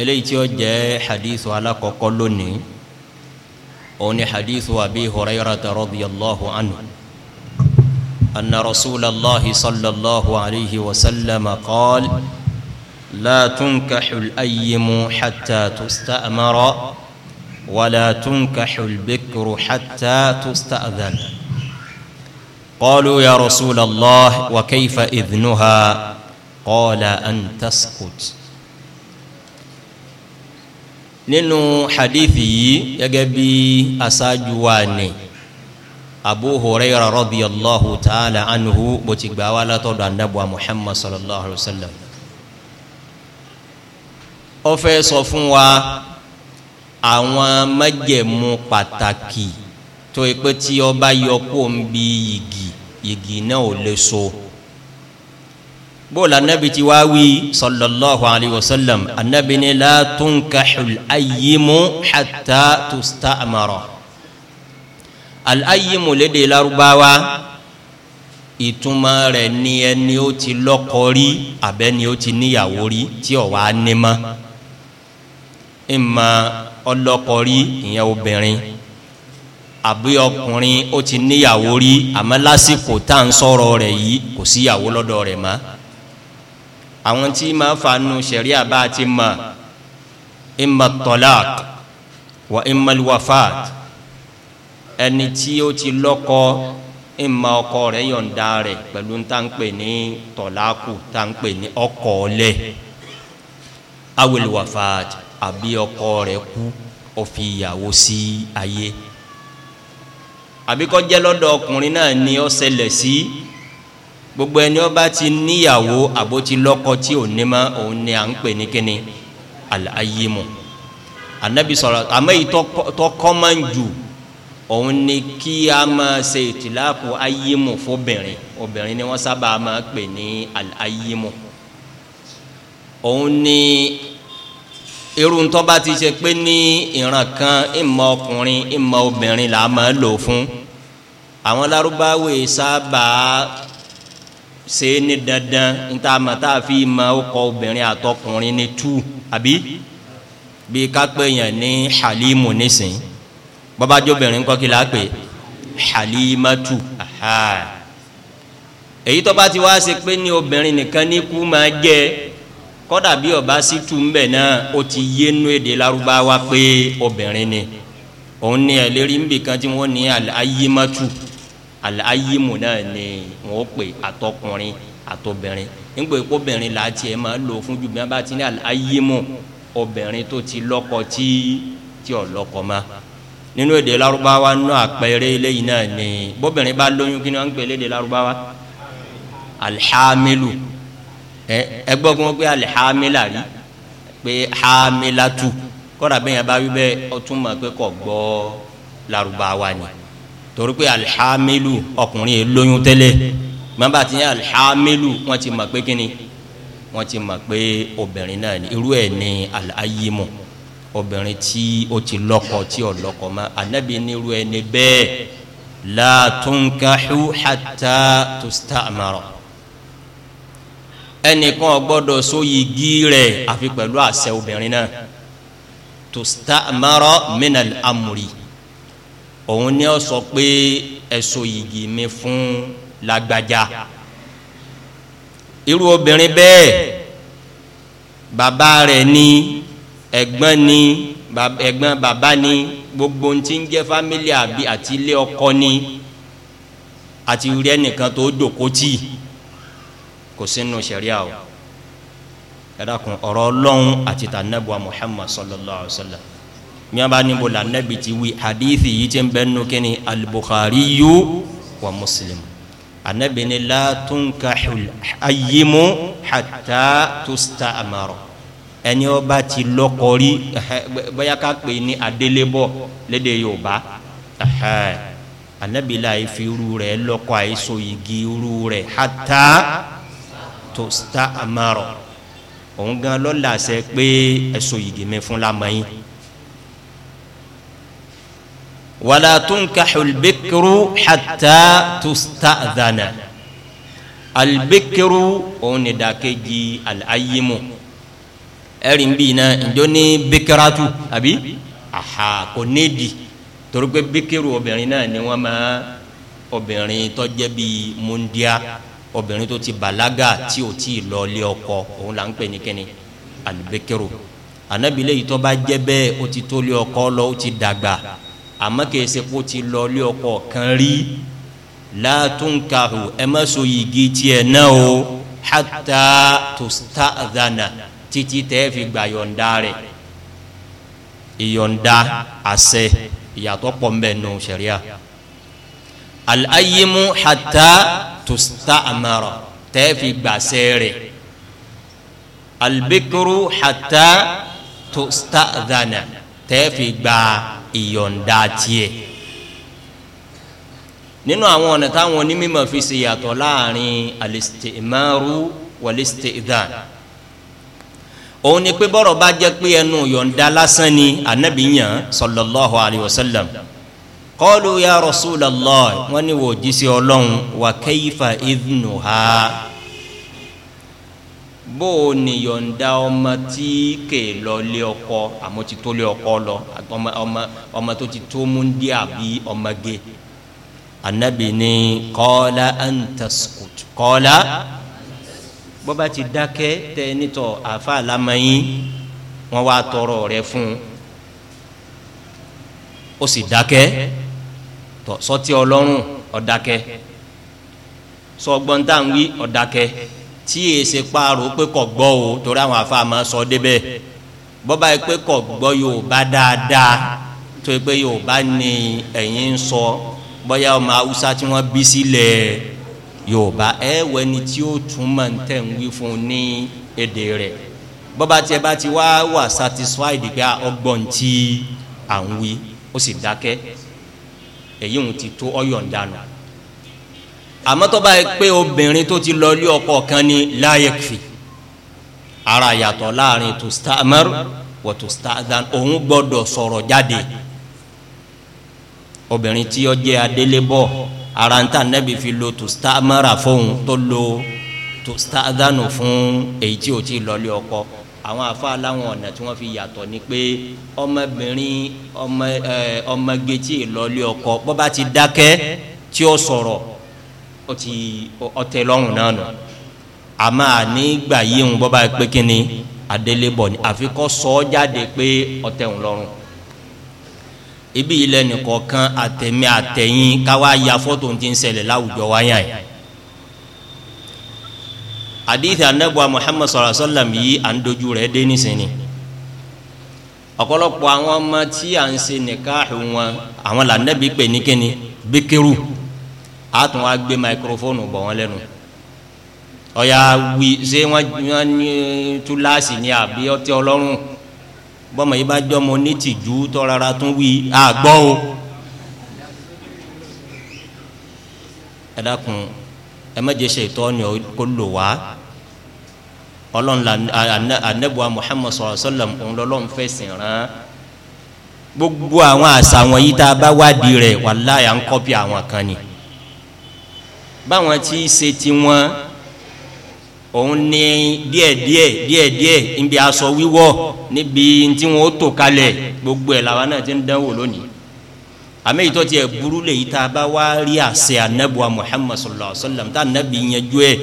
eléyìí tí ó jẹ́ hadithu alakọ̀kọ́ lónìí òun ni hadithu abi hurayrata radiyallahu anhu anna rasulallahi sallallahu alayhi wa sallam qaal la tunkahul ayyimu hatta tusta'mara wala tunkahul bikru hatta tusta'dhan قالوا يا رسول الله وكيف إذنها قال أن تسكت nínú hadithi yìí gẹ́gẹ́ bí aṣáájú wa ni abu huraira radiyallahu ta'ala anhu bó ti gbà wá látọ̀dọ̀ anabuwa muhammad sallallahu alayhi wa sallam ó fẹ́ sọ fún wa àwọn májẹ̀mú pàtàkì tó ipé tí ọba yọ kó ń bi yìgì yìgì náà ò lè so bóòlù anabi ti wá wí sallallahu alayhi wa sallam anabi ni la tunkahul ayyimu hatta tustamara al ayyimu lédè larubawa ìtumọ̀ rẹ̀ ni ẹni ó ti lọ́kọ rí abẹ́ni ó ti níyàwó rí tí ò wá ní mọ́ ìmọ̀ ọlọ́kọ rí ìyẹn obìnrin àbí ọkùnrin ó ti níyàwó rí àmọ́ lásìkò tá à ń sọ̀rọ̀ rẹ̀ yìí kò síyàwó lọ́dọ̀ rẹ̀ mọ́ àwọn tí ma fanu sẹ̀ríà bá ti mọ̀ imma talaq wa imma alwafat ẹni tí ó ti lọ́kọ ìmọ̀ ọkọ rẹ̀ yọ̀ǹda rẹ̀ pẹ̀lú táǹpẹ̀ ní tọ̀láàkù táǹpẹ̀ ní ọkọ lẹ̀ awil wafat àbí ọkọ rẹ̀ kú ó fi ìyàwó sí ayé àbíkọ́ jẹ́ lọ́dọ̀ ọkùnrin náà ni ó ṣẹlẹ̀ sí. Si, gbogbo ẹni ọba ti níyàwó àbótí lọ́kọ tí ò ní ma òun ni à ń pè ní kíni alayimu anabi sọ̀rọ̀ àmọ́ yìí tọ́ kọ́mọ́n jù òun ni kí a máa ṣe ìtìláàkù ayimu fóbìnrin obìnrin ni wọ́n sábà máa pè ní alayimu òun ni irun tó bá ti ṣe pé ní ìran kan ìmọ̀ ọkùnrin ìmọ̀ obìnrin là máa lò fún àwọn lárúbáwò sábà ṣe ní dandan níta màtá fi ma ọkọ obìnrin àtọkùnrin ní tú àbí bí kápẹ́ yẹn ní halimu nísìn bọ́bájú obìnrin kọ́ kí la pè halimatu èyí tó bá ti wá ṣe pé ní obìnrin nìkan ní kú máa jẹ́ kọ́dà bí ọba sì tú mbẹ̀ náà ó ti yénú èdè lárúbáwá pé obìnrin ni òun ni ẹ̀lérí nbìkan tí wọ́n ní àyímátù. Al àlàyémù náà ni wọn pè àtọkùnrin àtọbìnrin nígbà pé obìnrin là á tiẹ̀ máa lò fún ju bí wọn bá ti ní àlàyémù obìnrin tó ti lọ́kọ tí tí ò lọ́kọ ma nínú èdè Lárúbáwá nínú àpẹẹrẹ eléyìí náà ni bóbìnrin bá lóyún kí ni wọn ń pè lédè Lárúbáwá alihamilu ẹ ẹ gbọ́ kí wọ́n pé alihamila rí pé hamilatu kọ́ra bẹ́ẹ̀ yẹn bá wí bẹ́ẹ̀ ọtún mọ̀ pé kò gbọ́ Lárúbáwá ni torí pé alihamilu ọkùnrin yẹn lóyún tẹ́lẹ̀ mọ́ba ti ní alihamilu wọ́n ti mọ̀ pé kíni wọ́n ti mọ̀ pé obìnrin náà ni irú ẹ̀ ní alayimu obìnrin tí ó ti lọ́kọ tí ò lọ́kọ mọ́ anabi ní irú ẹ̀ ní bẹ́ẹ̀ látúnkáhù hàtà tùstàmàrọ̀ ẹnìkan gbọ́dọ̀ sóyigi rẹ̀ àfi pẹ̀lú àṣẹ obìnrin náà tùstàmàrọ̀ mìnàlámùrì. So òun ni ó sọ pé ẹ̀sọ́ yìgì mi fún lágbájá irú obìnrin bẹ́ẹ̀ bàbá rẹ̀ ni ẹ̀gbọ́n ni ẹ̀gbọ́n bàbá ni gbogbo ntí ń jẹ́ fámílì àbí àti ilé ọkọ ni àti rí ẹnìkan tó dòkótì kò sínú ṣẹ̀ríà o ẹ̀dá kun ọ̀rọ̀ ọlọ́run àti tànàbùà Muhammad sallallahu alayhi wa sallam nyaba níbo la nabi ti wi hadithi yi ti bẹ nu kini al-bukhari yu wa muslim anabi ni la tunkahu ayimu hatta tusta'maru ẹni o ba ti lọkọri bóyá ká pè ní adelébọ lédè yorùbá anabi la yi ru rẹ̀ lọkọ ayi so igi ru rẹ̀ hatta tusta'maru òun gan lọ làṣẹ pé ẹsọ yìgì mi fún lamẹyìn. ولا تنكح البكر حتى تستأذن البكر òun ni dàkejì alayimu ẹ̀rí ń bí iná ìjọ ní bikiratu àbí aha kò nídi torí pé bikiru obìnrin náà ni wọ́n máa obìnrin tó jẹ́ bí mundia obìnrin tó ti bàlágà tí ò tí ì lọ ilé ọkọ òun là ń pè ní kíni albikiru anabi lẹ́yìn tó bá jẹ́ bẹ́ẹ̀ ó ti tó ilé ọkọ lọ ó ti dàgbà àmọ́ kìí ṣe kó ti lọ ilé ọkọ kan rí látúnkàrù ẹ má so yìgì tiẹ̀ náà o hàtà tó stàdánà títí tẹ́ fi gbà yọ̀ǹda rẹ̀ ìyọ̀ǹda àṣẹ ìyàtọ̀ pọ̀ mbẹ́ nù sẹ̀ríà alayimu hàtà tó stàmàrà tẹ́ fi gbàṣẹ rẹ̀ albikiru hàtà tó stàdánà tẹ́ fi gbà ìyọ̀ǹda tiẹ̀ nínú àwọn ọ̀nà táwọn onímọ̀ fi ṣe yàtọ̀ láàrin alistimaru walistidan òun ni pé bọ́rọ̀ bá jẹ́ pé ẹnu yọ̀ǹda lásán ni anabiyan sallallahu alayhi wa sallam kọ́ọ̀lù ya rasulallah wọ́n ní wò jísé ọlọ́run wà kẹ́yìfà idhnuha bó o nìyọ̀ǹda ọmọ tí kè lọ lé ọkọ àmọ́ ti tó lé ọkọ lọ ọmọ ọmọ ọmọ tó ti tó mú ndí àbí ọmọge anabi ni kọ́lá antaskut kọ́lá bọ́ba ti dákẹ́ tẹ nítọ̀ àfa àlámẹ́yìn wọ́n wá tọrọ rẹ fún ó sì dákẹ́ tọ sọtí ọlọ́run ọ̀dákẹ́ sọgbọ́n tá wí ọ̀dákẹ́. So, tí èsè paaro pé kò gbọ́ o torí àwọn afa máa sọ débẹ̀ bọ́ba yìí pé kò gbọ́ yorùbá dáadáa tó yẹ pé yorùbá ni ẹ̀yin ń sọ bóyá ọmọ haúsá tí wọ́n bí sílẹ̀ yorùbá ẹ wẹ ni tí ó túmọ̀ ń tẹ̀ ń wí fún ní èdè rẹ̀ bọ́ba tiẹ̀ bá ti wá wà satisfied pé ọgbọ́n tí à ń wí ó sì dákẹ́ èyí ń ti tó ọ̀yọ̀ ń dànù àmọ́ tó bá yẹ pé obìnrin tó ti lọ lé ọkọ kan ní la yakfi ara yàtọ̀ láàrin tustamar wa tusta'dhan òun gbọ́dọ̀ sọ̀rọ̀ jáde obìnrin tí ó jẹ́ adélébọ̀ ara ń tà nẹ́bi fi lo tustamara fóun tó lo tustamara fún èyí tí o ti lọ lé ọkọ àwọn afa láwọn ọ̀nà tí wọ́n fi yàtọ̀ ni pé ọmọbìnrin ọmọ ọmọge tí ì lọ lé ọkọ bó bá ti dákẹ́ tí ó sọ̀rọ̀ ó ti ọtẹ lọ́rùn náà nù àmọ́ àní gbà yí ń bọ́ báyìí pé kí ni adélébọ̀ ni àfi kọ́ sọ ọ́ jáde pé ọtẹ ń lọ́rùn ibi ilẹ̀ nìkọ̀ọ̀kan àtẹ̀mí àtẹ̀yìn káwá ya fọ́tò ti ń ṣẹlẹ̀ láwùjọ wáyà yìí àdìsí anabu muhammad sallallahu alaihi wa sallam yìí à ń dojú rẹ̀ dé nísìnyí ọ̀pọ̀lọpọ̀ àwọn ọmọ tí à ń ṣe nìkan wọn àwọn làǹdàbí pè ní kíni bíkírù a tún wá gbé maikrofóònù bọ̀ wọ́n lẹ́nu ọ̀yà wí ṣé wọ́n ní túláàsì ní àbí ọtí ọlọ́run bọ́mọ̀ yìí bá jọ́mọ ní tìjú tọ́rara tún wí àgbọ́ o ẹ dákun ẹ má jẹ́ ṣe ìtọ́ni kó lò wá ọlọ́run la anabuwa muhammad sọ̀rọ̀ sọ́lọ̀m òun lọ́lọ́run fẹ̀sìn rán gbogbo àwọn àṣà wọ̀nyí tá a bá wádìí rẹ̀ wàláyà ń kọ́pì àwọn kan ni báwọn tí í ṣe tiwọn òun ní díẹ̀díẹ̀ díẹ̀díẹ̀ níbi aṣọ wíwọ̀ níbi tí wọn ó tò kalẹ̀ gbogbo ẹ̀ làwọn náà ti ń dánwò lónìí àmì ìtọ́ tiẹ̀ burú lè yí a bá wá rí àṣẹ anabuwa muhammad sallallahu alaihi wa sallam tá anabi yẹn jó ẹ̀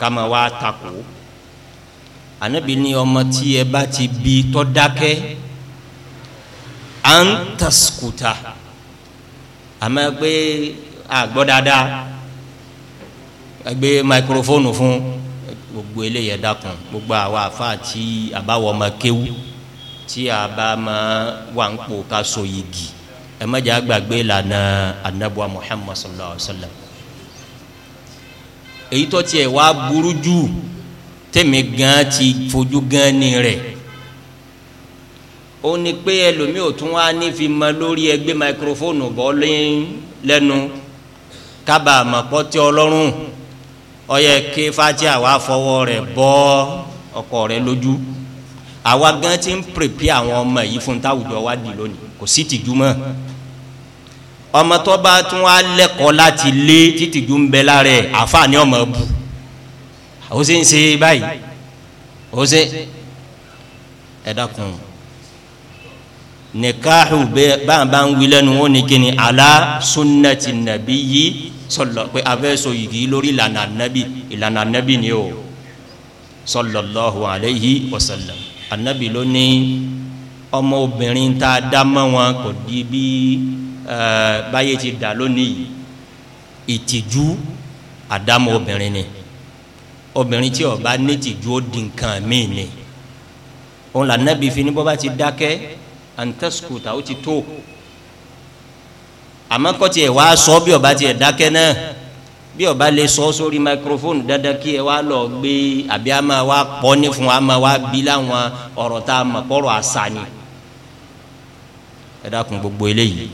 ká máa wá takò anabi ní ọmọ tí ẹ bá ti bí tọ́ dákẹ́ àmọ́ pé àgbọ̀ gbé maikrofóònù fún gbogbo eléyẹ dákun gbogbo àwa àfa àti àbáwọ ọmọ kéwú tí a bá ma wà ń pò ká so yìgì ẹ má lànà anabuwa muhammad sallallahu alaihi wa sallam èyí tó tiẹ̀ wá burú jù tẹ̀mí gan ti fojú gan ni rẹ̀ ó ní pé ẹlòmíì ò tún wá ní fi mọ lórí ẹgbẹ́ maikrofóònù bọ́ lẹ́nu kábàámọ̀ pọ́tí ọlọ́run ọyẹ ké fatia wà fọwọ́ rẹ̀ bọ́ ọkọ rẹ̀ lójú àwa gan ti ń pèpè àwọn ọmọ yìí fún táwùjọ wa di lónìí kò sí tìjú mọ́ ọmọ tún wá lẹ́kọ̀ọ́ láti lé títìjú ń bẹ lára ẹ̀ àfààní ọmọ bù ó sì ń ṣe báyìí ó sì ẹ dákun nìkáhù báńbá ń wí lẹ́nu wọn ni kíni ala sunnati nabi yi sọlọ pé afẹ́sọ yìí lórí ìlànà nabi ìlànà nabi ni o sọlọlọhu aleyhi wasala anabi ló ní ọmọ obìnrin tá a dá mọ́ wọn kò di bí báyé ti dà lónìí ìtìjú àdámọ́ obìnrin ni obìnrin tí ó bá ní ìtìjú ó di nǹkan míì ni òun là nabi fi ní bọ́ bá ti dákẹ́ antaskuta ó ti tó àmọ́ kọ́tí ẹ̀ wá sọ bí ọba ti ẹ̀ dákẹ́ náà bí ọba lè sọ sórí microphone dandan kí ẹ wá lọ gbé àbí a máa wá pọ́ ní fún wa máa wá bí láwọn ọ̀rọ̀ tá a mọ̀ kọ́rọ̀ àṣà ni ẹ dákun gbogbo eléyìí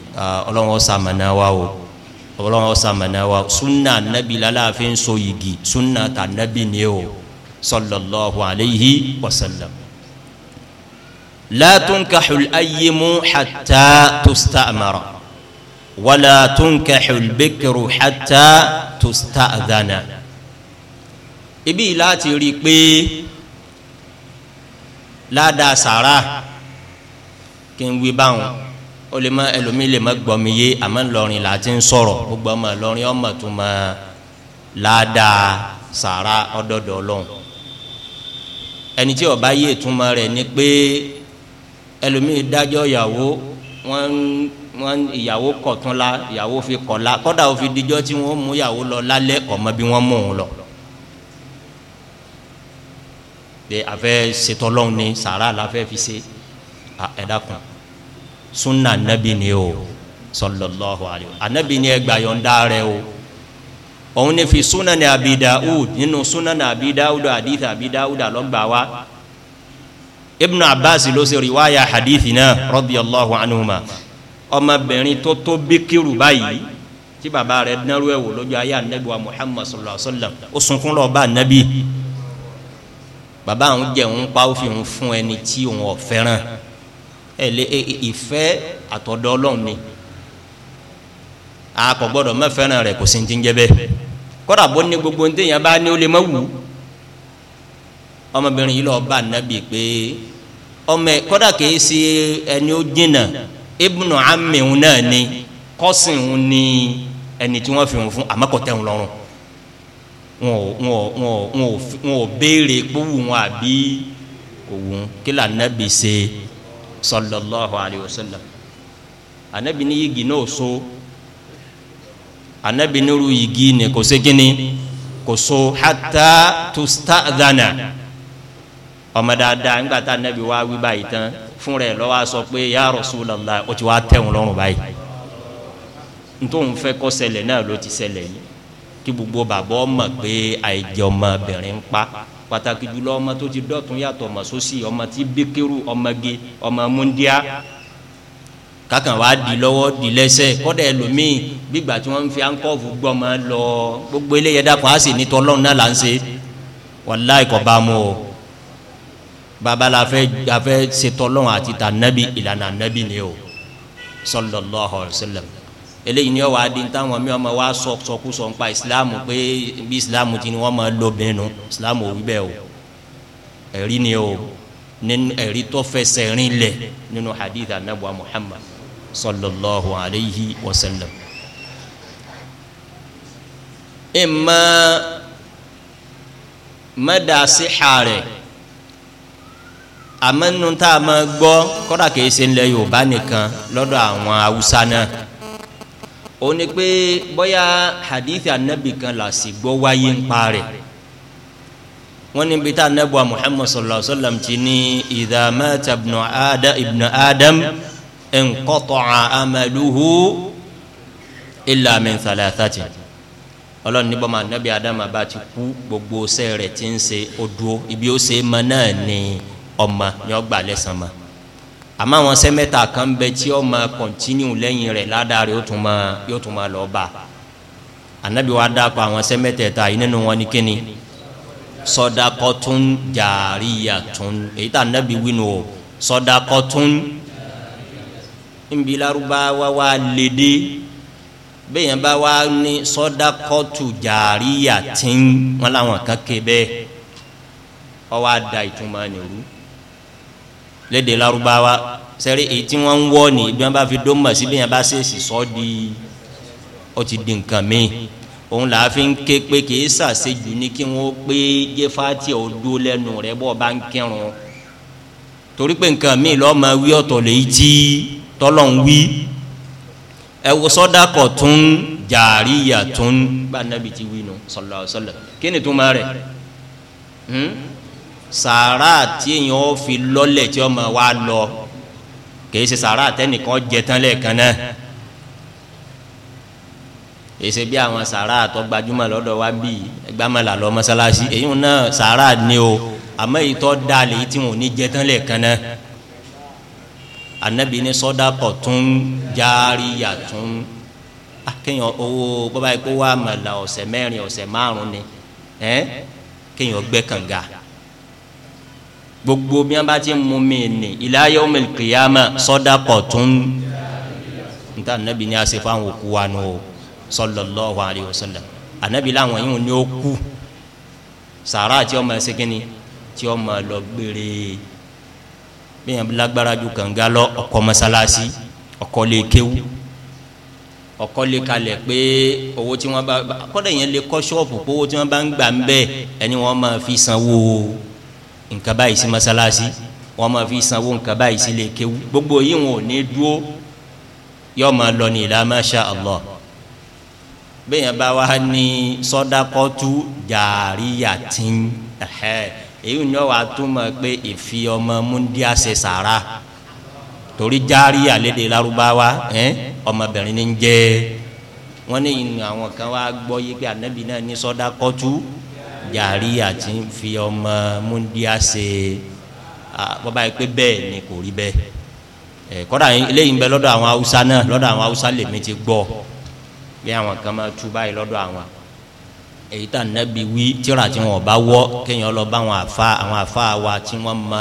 ọlọ́run ọ̀sà wa o ọlọ́run ọ̀sà mọ̀nà wa sunna nabi lálàáfin so yìgì sunna ta nabi ni o sallallahu alayhi wa sallam. لا تنكح الأيم حتى تستأمر ولا تنكح البكر حتى تستأذن ibi láti rí i pé ládàá sàrà kí n wí báwọn ó lè má ẹlòmíì lè má gbọ́ mi yé àmọ́ ńlọrin là á ti ń sọ̀rọ̀ gbogbo ọmọ ìlọrin ọmọ tó mọ ládàá sàrà ọdọọdọ ọlọ́run ẹni tí ó bá yé ìtumọ̀ rẹ̀ ni pé ẹlòmíì dájọ́ ìyàwó wọ́n wọ́n ìyàwó kọ̀tún la ìyàwó fi kọ̀ la kọ́dà ó fi dijọ́ tí wọ́n mú ìyàwó lọ lálẹ́ kọ̀ mọ́ bí wọ́n mú òun lọ. pé afẹ́ ṣetọ́lọ́hún ni sàrà la fẹ́ fi ṣe ẹ dákun sunna anabi ni o sallallahu alayhi wa anabi ni ẹgbà yọ̀ǹda rẹ o òun ni fi sunna ni abi daud nínú sunna ni abi daud hadith abi wa ibn abbas ló ṣe riwaya hadithi náà radiyallahu anhuma ọmọbìnrin tó tó bíkírù báyìí tí baba rẹ̀ dánrú ẹ̀ wò lójú ayé anabi wa muhammad sallallahu alaihi wa sallam ó sunkún lọ bá anabi baba àwọn jẹ òun pa ó fi òun fún ẹni tí òun ò fẹ́ràn ẹ lé ìfẹ́ àtọ̀dọ̀ ọlọ́run ni a kò gbọ́dọ̀ má fẹ́ràn kò sí ní ti ń jẹ́ bẹ́ẹ̀ kódà bó ní gbogbo ní téèyàn bá ní ó lè má wù ọmọbìnrin yìí lọ bá anabi pé. ọmọ kọ́dà kìí ṣe ẹni ó jìnnà ibùnà amíhun náà ni ni ẹni tí wọ́n fi hùn fún àmọ́kọ̀tẹ́ hùn lọ́rùn wọn ò wọn ò wọn ò wọn ò béèrè kówù wọn àbí òwùn kí là nàbì ṣe sọlọlọ́hu àlẹ́wọ̀sọlọ ànábì ní yìgì náà so ni kò sí kíni kò so hàtà tó ọmọ dáadáa ńgbà tá nẹ́bi wá wí báyìí tán fún rẹ̀ lọ́wọ́ sọ pé ya Rasulullah ó ti wá tẹ̀wọ̀n lọ́rùn báyìí ntòun fẹ́ kọ́ ṣẹlẹ̀ náà ló ti ṣẹlẹ̀ yìí kí gbogbo bàbá ọmọ pé àìjẹ ọmọbìnrin ń pa pàtàkì jùlọ ọmọ tó ti dọ̀tún yàtọ̀ ọmọ sósì ọmọ tí bíkérù ọmọge ọmọ múndíá kákan wàá di lọ́wọ́ di lẹ́sẹ̀ kọ́dà ẹlòmíì gbígbà tí wọ́n ń fi ankọ́ọ̀fù gbọ́mọ lọ gbogbo eléyẹ̀dá kan á sì ní tọ́lọ́run náà là ń ṣe wàláì bá mu o baba la fẹ́ afẹ́ setọlọn àti ta nabi ìlànà nabi ni o sallallahu alaihi wasallam eléyìí ni wọ́n wá di táwọn mi wọ́n ma wá sọ sọkúsọ nípa ìsìlámù pé bí ìsìlámù ti ni wọ́n ma lo bẹ́ẹ̀ nu ìsìlámù ò wí bẹ́ẹ̀ o ẹ̀rí ni o nínú ẹ̀rí tó fẹsẹ̀ rin lẹ̀ nínú hadith anabu muhammad sallallahu alayhi wa sallam. ìmọ̀ mẹ́dàá sí xaarẹ̀ àmọ́ nínú tá a máa gbọ́ kọ́dà kìí ṣe ńlẹ̀ yorùbá nìkan lọ́dọ̀ àwọn haúsá náà ó ní pé bóyá hadith anabi kan là sì gbọ́ wáyé ń pa rẹ̀ wọ́n níbi tá anabi wa muhammad sallallahu alayhi wa sallam ti ní ìdàmẹ́ta ibnu adam nkọ́tọ̀ amaduhu ilà min thalathati ọlọ́run níbọ̀ máa nẹ́bí adamu abá ti kú gbogbo sẹ́ẹ̀rẹ̀ ti ń ṣe odò ibi ó ṣe é mọ náà ni ọmọ ni ọgbà lẹ́sàn ma àmọ́ àwọn sẹ́mẹ́ta kan bẹ tí ó máa kọ̀ntínú lẹ́yìn rẹ̀ ládàá rẹ̀ yóò tún máa lọ bá anabi wa dákọ̀ àwọn sẹ́mẹ́tẹ̀ẹ̀ta yìí nínú wọn ni kíni sọdakọtun jaariyatun èyí tá anabi winu o sọdakọtun nbí larubawa wa lédè bẹ́ẹ̀ bá wa ní sọdakọtu jaariyatin wọn làwọn kan ké bẹ́ẹ̀ ọwọ́ àdá ìtumọ̀ nìyẹn lédè Lárúbáwá sẹ́rí èyí tí wọ́n ń wọ́ ni bí wọ́n bá fi dó mọ̀ bí wọ́n bá ṣèṣì sọ́ di ó ti di nǹkan mi òun là á fi ń ké pé kì í ṣàṣejù ní kí wọ́n pé jẹ́fàtì ò dúró lẹ́nu rẹ̀ bá ń kírun torí pé nǹkan mi lọ́ọ́ máa wí ọ̀tọ̀ lèyí tí tọ́lọ̀ ń wí ẹ wo sọ́dákọ̀ tún jàríyà tún bá nàbì ti wí nu sallallahu alaihi kí ni tó máa rẹ̀ hmm? sàárà tí èèyàn ó fi lọ́lẹ̀ tí ọmọ wa lọ kìí ṣe sàárà tẹnìkan jẹ tán lẹ́ẹ̀kan náà kìí ṣe bí àwọn sàárà tó gbajúmọ̀ lọ́dọ̀ wa bíi ẹgbàmọ̀là lọ mọ́sálásí èyí náà sàárà ni o àmọ́ èyí tó da lè tí wọn ò ní jẹ tán lẹ́ẹ̀kan náà anabi ní sọ́dà kọ̀tún jaari yàtún akéèyàn ah, owó bọ́bá yìí kó wà mọ̀lá ọ̀sẹ̀ mẹ́rin ọ̀sẹ̀ márùn ni ẹ́ kéèyàn gbẹ́ kànga gbogbo bí wọn bá ti mú mi ní ila yawmil qiyama sadaqatun níta nàbí ni a ṣe fáwọn òkú wa nù o sallallahu alayhi wa sallam ànàbí làwọn yìí ni ó kú sàrà tí ọmọ ẹsẹ kínní tí ọmọ lọ gbére bí wọn lágbára ju kànga lọ ọkọ mọ́sálásí ọkọ lè kéwú ọkọ lè kalẹ̀ pé owó tí wọn bá kọ́dọ̀ yẹn lè kọ́ ṣọ́ọ̀bù pé owó tí wọn bá ń gbà ń bẹ́ẹ̀ ẹni fi sanwó o nǹkan báyìí sí masalasi wọn máa fi sanwó nǹkan báyìí sí lè kéwu gbogbo yìí wọn ò ní dúró yọ máa lọ ní ìlà masha allah bẹ́ẹ̀ yẹn bá wà ní sọ́dákọ́tù jàríyàtìn èyí ni wàá túmọ̀ pé ìfi ọmọ múndíá sàrà torí jàríyà lédè lárúbáwá ọmọbìnrin ní jẹ́ wọ́n ní àwọn kan wá gbọ́ yí pé ànábì náà ní sọ́dákọ́tù jàríyà tí ń fi ọmọ múndíá ṣe bọ́bá yìí pé bẹ́ẹ̀ ni kò rí bẹ́ẹ̀ kọ́dà eléyìí ń bẹ lọ́dọ̀ àwọn haúsá náà lọ́dọ̀ àwọn haúsá lèmi ti gbọ́ bí àwọn kan máa tú báyìí lọ́dọ̀ àwọn èyí tà nẹ́bi wí tíra tí wọn bá wọ́ kéèyàn lọ bá àwọn àfa àwọn àfa wa tí wọ́n mọ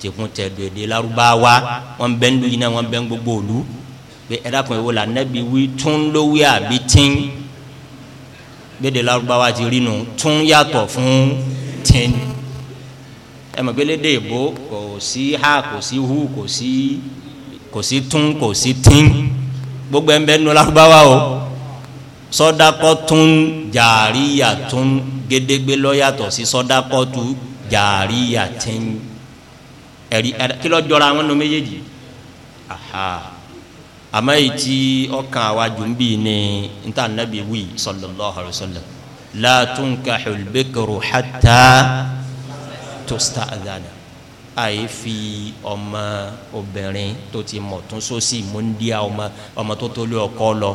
tìkun tẹ̀dọ̀ èdè lárúbáwá wọ́n ń ń lu yìí náà wọ́n ń ń gbogbo òlu pé ẹ̀dá kan ìwọ là nẹ́bi wí tún lówí àbí tín gbèdè Lárúbáwá ti rí nu tún yàtọ̀ fún tẹni ẹ mọ̀ pé kò sí ha kò sí hu kò sí kò sí tún kò sí tín gbogbo ẹ̀ nu Lárúbáwá o sọdakọ tún jaariya tún gédégbé ló yàtọ̀ sí sọdakọ tún jaariya tẹn ẹ̀rí ẹ̀rí kí ló jọra àwọn nu méjèèjì aha àmọ́ èyí tí ọkàn àwa jù ń bì ní níta nàbí wí sallallahu alayhi wa sallam la tunkahul bikru hatta tusta'dhana àyè fi ọmọ obìnrin tó ti mọ̀ tún sósì múndíà ọmọ ọmọ tó tó lé ọkọ lọ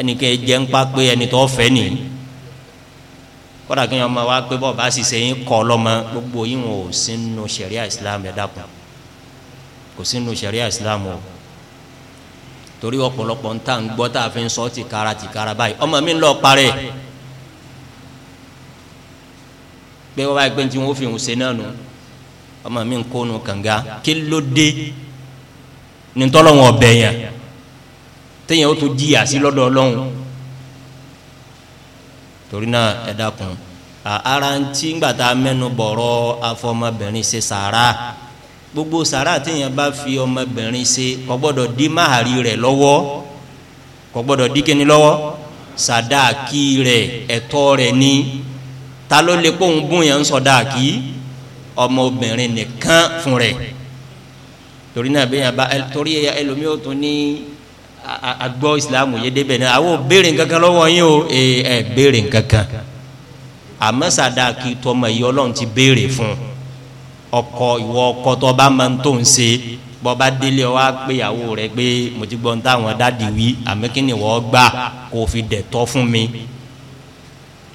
ẹnìkan jẹ́ ń pa pé ẹni tó fẹ́ nìyí kódà kí wa pé bọ́ọ̀ bá sì ṣe yín kọ́ gbogbo yín ò sínú ṣẹ̀ríà ìsìlámù ẹ̀dá kan kò sínú ṣẹ̀ríà ìsìlámù o torí ọ̀pọ̀lọpọ̀ ń tà ń gbọ́ tá a fi ń sọ tìkara tìkara báyìí ọmọ mi ń lọ parẹ́ pé wọ́n bá gbé tí wọ́n fi hùn ṣe náà nù ọmọ mi ń kónu kànga kí ló dé ní tọ́lọ́wọ́n ọbẹ̀ yẹn téèyàn ó tún jìyà sí lọ́dọ̀ ọlọ́run torí náà ẹ dákun ara ń tí ń gbàtà mẹ́nu bọ̀rọ̀ afọmọbìnrin ṣe sàárà gbogbo sàrà téèyàn bá fi ọmọbìnrin ṣe kò gbọ́dọ̀ dí máhàrí rẹ̀ lọ́wọ́ kò gbọ́dọ̀ dí kíni lọ́wọ́ sàdáàkì rẹ̀ ẹ̀tọ́ rẹ̀ ni ta ló lè kóhun bóyá ń sọdáàkì ọmọbìnrin nìkan fún rẹ̀ torí náà bẹ́ẹ̀ yẹn bá torí ẹlòmíì ó tún ní agbọ́ ìsìlámù yé débẹ̀ náà àwọn béèrè nkankan lọ́wọ́ yín o ẹ béèrè nkankan àmọ́ sàdáàkì tọmọ yìí ọlọ́run ti béèrè fún un ọkọ ìwọ ọkọ tó bá máa ń tó ń ṣe bọba délé wa gbéyàwó rẹ gbé mo ti gbọ́ ń táwọn dáàdi wí àmì kí ni wọ́n gbà kó o fi dẹ̀ tọ́ fún mi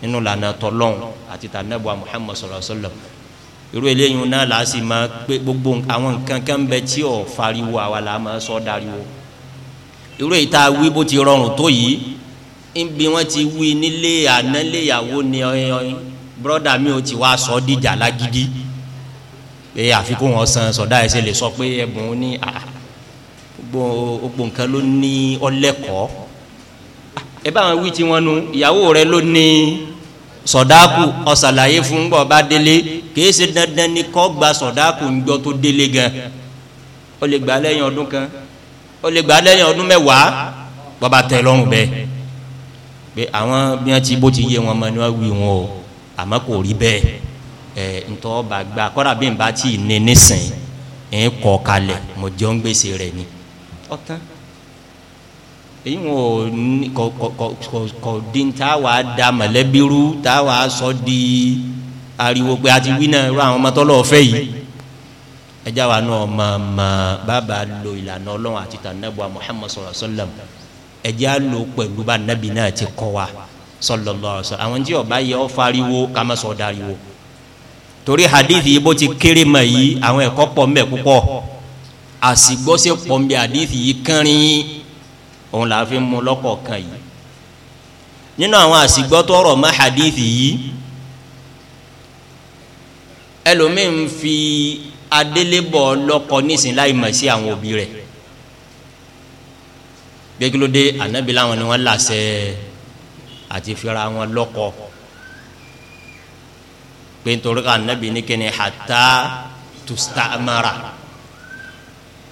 nínú lànà tọlọ́n àti tànàbọ̀ Muhammad sallallahu alaihi wasallam irú eléyìí náà là á sì máa pé gbogbo àwọn nǹkan kan bẹ tí ò fariwo àwa là á máa sọ dariwo irú èyí tá a wí bó ti rọrùn tó yìí níbi wọn ti wí nílé àná léyàwó ni brọ́dà mi ò ti wá sọ ọ́ dìjà lágídí pé àfikún wọn san sọdá ẹsẹ lè sọ pé ẹbùn ní ah, ah, gbogbo nǹkan ló ní ọlẹ́kọ̀ọ́ ẹ bá wọn wí tí wọn nu ìyàwó rẹ ló ní sọdáàkù ọ̀sàlàyé fún bọ̀ délé kìí ṣe dandan ni kọ́ gba sọdáàkù ńjọ tó délé gan ó lè gbà lẹ́yìn ọdún kan ó lè gbà lẹ́yìn ọdún mẹ́wàá bọ́ba tẹ lọ́rùn bẹ́ẹ̀ pé àwọn bí wọ́n ti bó ti yé wọn mọ ni wọ́n wí wọn o àmọ́ kò rí bẹ́ẹ̀. ẹ̀ ntọ́ gba kọ́ra bí n bá tí ì ní nísìn ẹ̀ kalẹ̀ mo jọ ń gbèsè rẹ̀ ni ọ̀tán èyí wọn kɔ ní kọ kọ kọ ta wà á da mọ̀lẹ́bí ta wà sọ di ariwo pé a ti wí náà irú àwọn ọmọtọ́ lọ́ọ́ yìí ẹjá wa náà mọ̀ mọ̀ bàbá lo ìlànà ọlọ́run àti tànàbọ̀ muhammed sọ̀rọ̀ sọ́lẹ̀m ẹjá lo pẹ̀lú bá nàbì náà ti kọ́ wa sọ̀lọ̀ sọ àwọn tí ọba yẹ ọ́ dariwo. torí hadithi yìí bó ti kéré mọ̀ yìí àwọn ẹ̀kọ́ pọ̀ mbẹ̀ púpọ̀ àsìgbọ́sẹ̀ pọ̀ mbẹ̀ hadithi yìí kánrin òun là fi mú lọ́kọ̀ọ̀kan yìí nínú àwọn àsìgbọ́ mọ́ hadithi yìí ẹlòmíín fi adélébọ̀ lọ́kọ nísìn láì mọ̀ sí àwọn òbí rẹ̀ gbégilóde ànábìlà wọn ni wọ́n làṣẹ àti fira wọn lọ́kọ̀ọ́ pé nítorí ká anabi ní kíni hàtà tùsítàmàrà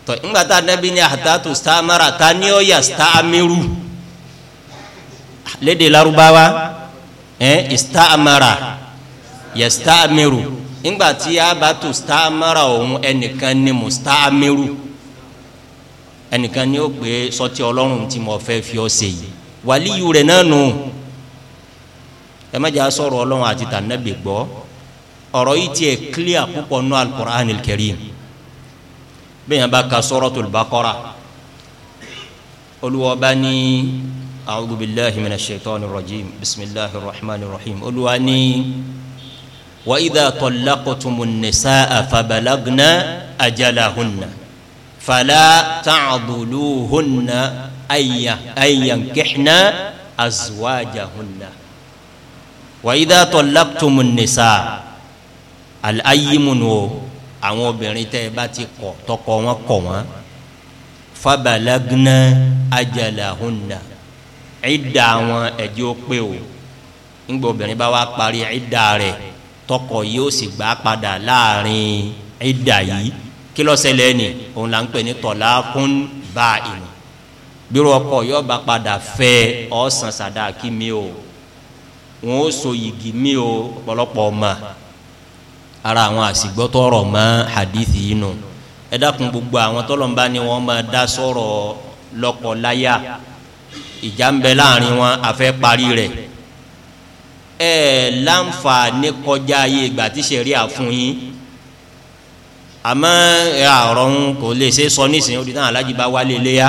tọ ńgbà tá anabi ní hàtà tùsítàmàrà ta ni ó yà sítàmìrù léde larubawa ẹ ìsítàmàrà yà ya ńgbà tí a bá tùsítàmàrà òun ẹnìkan ni mùsítàmìrù ẹnìkan ni ó gbé sọtí ọlọ́run tí mo fẹ́ fi ọ ṣe yìí wàlíyù rẹ̀ náà nù. No ẹ má jẹ́ asọ̀rọ̀ ọlọ́run àti tànẹ́bì gbọ́ ọ̀rọ̀ yìí tiẹ̀ clear púpọ̀ nù alukur'an kẹrin bẹ́ẹ̀ yẹn bá ka suratul baqara olùwọ́ba ní a'udhu billahi minash shaitanir rajim bismillahir rahmanir rahim olùwà ní wa idha tallaqtumun nisaa fabalagna ajalahunna fala ta'dhuluhunna ayyankihna azwajahunna wa idha tallaqtumun nisaa. aláyímùnú o àwọn obìnrin tẹ́ ẹ bá ti kọ̀ tọkọ wọn kọ̀ wọn fabalagna ajalahunna ìdá wọn ẹ̀jẹ̀ ó pé o ńgbà obìnrin bá wá parí ìdá rẹ̀ tọkọ yìí ó sì gbà padà láàrin ìdá yìí kí ni òun là ń pè ní tọ̀lá kún bá ìmọ̀ bírò ọkọ yóò bá padà fẹ́ ọ̀sán sàdáàkì mi o wọn ó so yìgì mi o ọ̀pọ̀lọpọ̀ ọmọ ara àwọn àsìgbọ́tọ̀rọ̀ mọ́ hadithi yìí nù ẹ dákun gbogbo àwọn tọ́lọ́mbá ni wọ́n máa dá sọ̀rọ̀ lọ́kọ̀láyà ìjà ń bẹ láàrin wọn àfẹ́ parí rẹ̀ ẹ láǹfààní kọjá ayé ìgbà tí sẹ̀rí àfún yín àmọ́ ẹ àrọ̀ ń kò lè ṣe sọ nísìnyí ó di náà alájí bá wálé léyà.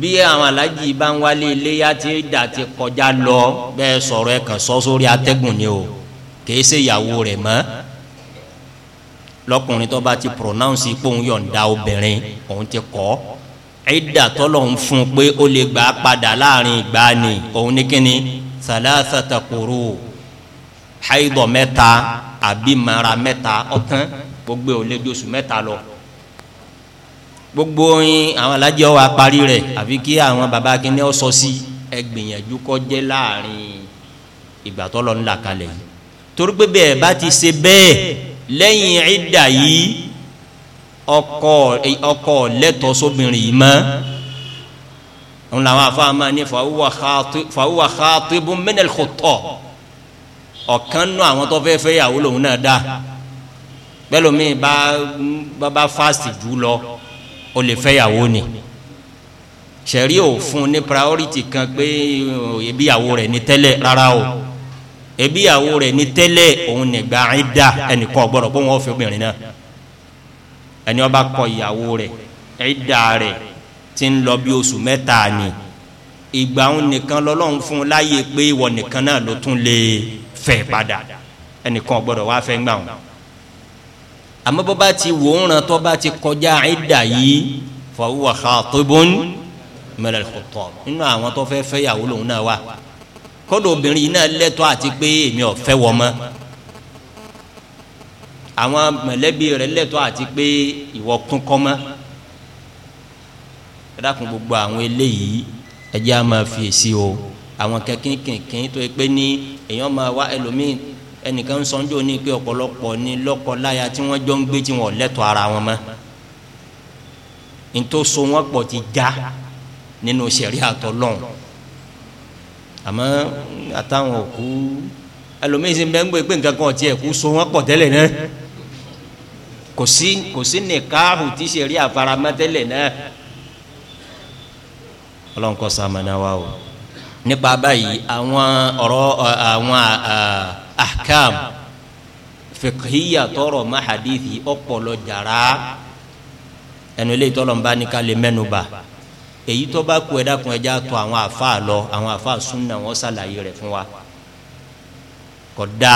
bí àwọn alájì bá ń wálé iléyà tí dà ti kọjá lọ bẹ́ẹ̀ sọ̀rọ̀ ẹ̀ kàn sọ sórí atẹ́gùn ni o kìí ṣe ìyàwó rẹ̀ mọ́ lọkùnrin tó bá ti pronounce pé òun yọ̀ǹda obìnrin òun ti kọ́ ẹ̀dà tọ́lọ̀ ń fún un pé ó lè gbà á padà láàrin ìgbà ni òun ní kíni sàlásàtà kúrú haidọ̀ mẹ́ta àbí mara mẹ́ta ọ̀tán gbogbo ò lè mẹ́ta lọ gbogbo yin àwọn alájẹ wa parí rẹ àfi kí àwọn baba akíní ọsọ sí ẹgbìyànjú kọjẹ láàrin ìgbà tọlọ ńlá kalẹ̀ yìí torí pé bẹ́ẹ̀ bá ti ṣe bẹ́ẹ̀ lẹ́yìn ìdà yìí ọkọ ọkọ lẹtọ sóbìnrin yìí mọ òun làwọn afáàmà ní fàwùwà xaatibu mẹnẹlì kò tọ nù àwọn tó fẹ́ fẹ́ yàwó náà dá bẹ́ẹ̀ lómi bá bá fásitì jù lọ o lè fẹ́ yàwó ni sẹ̀rí ò fún ní priority kan pé ebi oh, yàwó rẹ̀ ní tẹ́lẹ̀ rárá o ebi yàwó rẹ̀ ní tẹ́lẹ̀ òun nìgbà ń da ẹnìkan gbọ́dọ̀ pé wọ́n fi obìnrin náà ẹni ọba kọ ìyàwó rẹ̀ ẹ̀dá rẹ̀ ti ń lọ bí oṣù mẹ́ta ni ìgbà òun nìkan lọ́lọ́run fún un láàyè pé ìwọ nìkan náà ló tún lè fẹ́ padà ẹnìkan gbọ́dọ̀ wá fẹ́ gbà wọn àmọ́ bó bá ti wò ń ràn tó bá ti kọjá ìdà yìí fa huwa khatibun min al-khuttab nínú àwọn tó fẹ́ fẹ́ yàwó lòun náà wà kọ́dọ̀ obìnrin yìí náà lẹ́tọ́ àti pé èmi ò fẹ́ wọ́n mọ́ àwọn mọ̀lẹ́bí rẹ̀ lẹ́tọ́ àti pé ìwọ kún kọ́ mọ́ ẹ gbogbo àwọn eléyìí ẹ á máa fi èsì o àwọn kẹ́kínkìnkín tó yẹ pé ní èèyàn máa wá ẹlòmíì ẹnìkan sọ ní òní pé ọ̀pọ̀lọpọ̀ ni lọ́kọ-láya tí wọ́n jọ ń gbé tí wọ́n lẹ́tọ̀ ara wọn mọ́ ntó so wọn pọ̀ ti já nínú sẹ̀rí àtọ̀lọ́n àmọ́ àtàwọn òkú ẹlòmíín sì ń bẹ́ ń gbé pé nǹkan kan ọ̀tí ẹ̀kú so wọn pọ̀ tẹ́lẹ̀ náà kò sí kò sí nìkaahù tí sẹ̀rí àfaramọ́ tẹ́lẹ̀ náà ọlọ́nkọ́ sàmánà wa o nípa báyìí àwọn ọ̀rọ̀ àwọn ahkam fiqhiya tọrọ ma hadithi ọpọlọ jara ẹnu ilé ìtọlọmba ní ká lè mẹ́nubà èyí tó bá kú ẹ̀dá kun ẹja tó àwọn afa lọ àwọn afa sunna wọn ṣàlàyé rẹ̀ fún wa kódà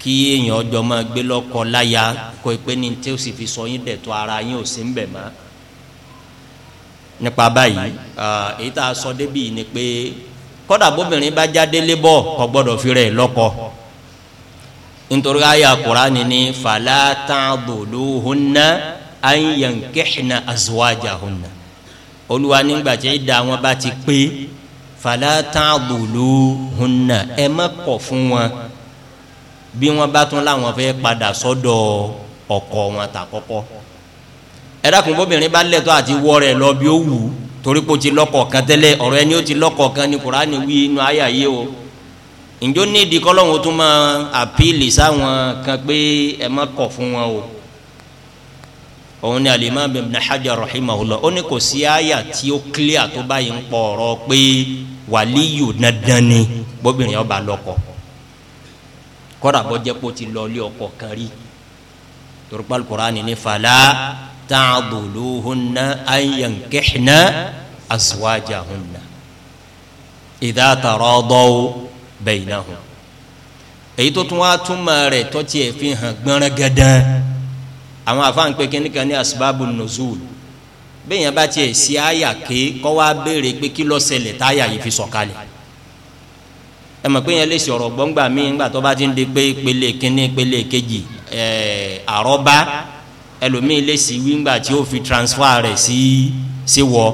kí èèyàn ọjọ́ máa gbé lọ́kọ láya kó ipe ní tí ó sì fi sọ yín dẹ̀tọ́ ara yín ò sí ń bẹ̀ mọ́ nípa báyìí èyí tá a sọ débi ni pé kódà bóbìnrin bá jáde lébọ̀ kò gbọ́dọ̀ fi rẹ̀ lọ́kọ nítorí àyà kùránì ní fàlà ta'dhuluhunna an yankihna azwajahunna olúwa nígbà tí ìdá wọn bá ti pé fàlà ta'dhuluhunna ẹ má kọ̀ fún wọn bí wọn bá tún láwọn fẹ́ padà sọ́dọ̀ ọkọ wọn tàkọ́kọ́ ẹ dákun bóbìnrin bá lẹ́tọ́ àti wọ rẹ̀ lọ bí ó wù torí kò ti lọ́kọ kan tẹ́lẹ̀ ọ̀rọ̀ ẹni ó ti lọ́kọ kan ní kùránì wí inú àyà yìí o njó ní ìdí kọlọ́hún tó máa àpìlì sáwọn kan pé ẹ má kọ̀ fún wọn o òun ni alimam ibn hajar rahimahullah ó ní kò sí àyà tí ó clear tó báyìí ń pọ̀ ọ̀rọ̀ pé wàlíyù dandan ni bóbìnrin ọba lọ́kọ kọ́dà bọ́ jẹ́ kó ti lọ ilé ọkọ kan rí yorùbá alukur'ani ní fàlà ta'dhuluhunna an yankihna aswajahunna idha taradaw bainahum èyí tó tún wá túmọ̀ rẹ̀ tọ́tí ẹ̀ fi hàn gbọ́nrán gẹ́dán àwọn afáàn pé kíníkan ní asbabu nuzul bẹ́ẹ̀yàn bá tiẹ̀ sí àyà ké kọ́ wá béèrè pé kí ló ṣẹlẹ̀ táyà yìí fi sọ̀kalẹ̀ ẹ mọ̀ pé yẹn lè sọ̀rọ̀ gbọ́ngbà mí ńgbà tó bá ti ń di pé ìpele kíní ìpele kejì ẹ̀ àrọ́bá ẹlòmíì lè sí wíńgbà tí ó fi transfer rẹ̀ sí sí wọ́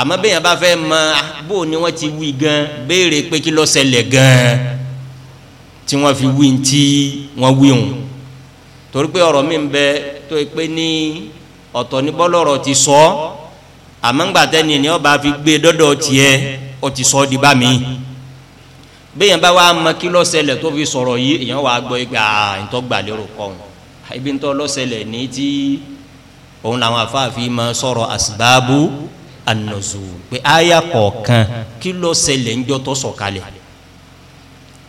àmọ́ bẹ́ẹ̀ yẹn bá fẹ́ mọ ah, bó ni wọ́n ti wí gan béèrè pé kí ló ṣẹlẹ̀ gan tí wọ́n fi wí ti wọ́n wí hùn torí pé ọ̀rọ̀ mi bẹ tó yẹ pé ní ọ̀tọ̀ ní bọ́lọ́rọ̀ ti sọ àmọ́ ńgbà tẹ́ni ni ọba fi gbé dọ́dọ̀ tiẹ̀ ó ti sọ di bá mi bẹ́ẹ̀ yẹn bá wà mọ kí ló ṣẹlẹ̀ tó fi sọ̀rọ̀ yìí èèyàn wà á gbọ́ yìí pé àà ń tọ́ gbà lérò kọ́ ọ̀hún ibi ń tọ́ lọ́sẹ̀lẹ̀ ní tí òun làwọn afáàfin anuzu pé aya kọ̀ọ̀kan kí ló ṣẹlẹ̀ ńjọ́ tó sọ̀kalẹ̀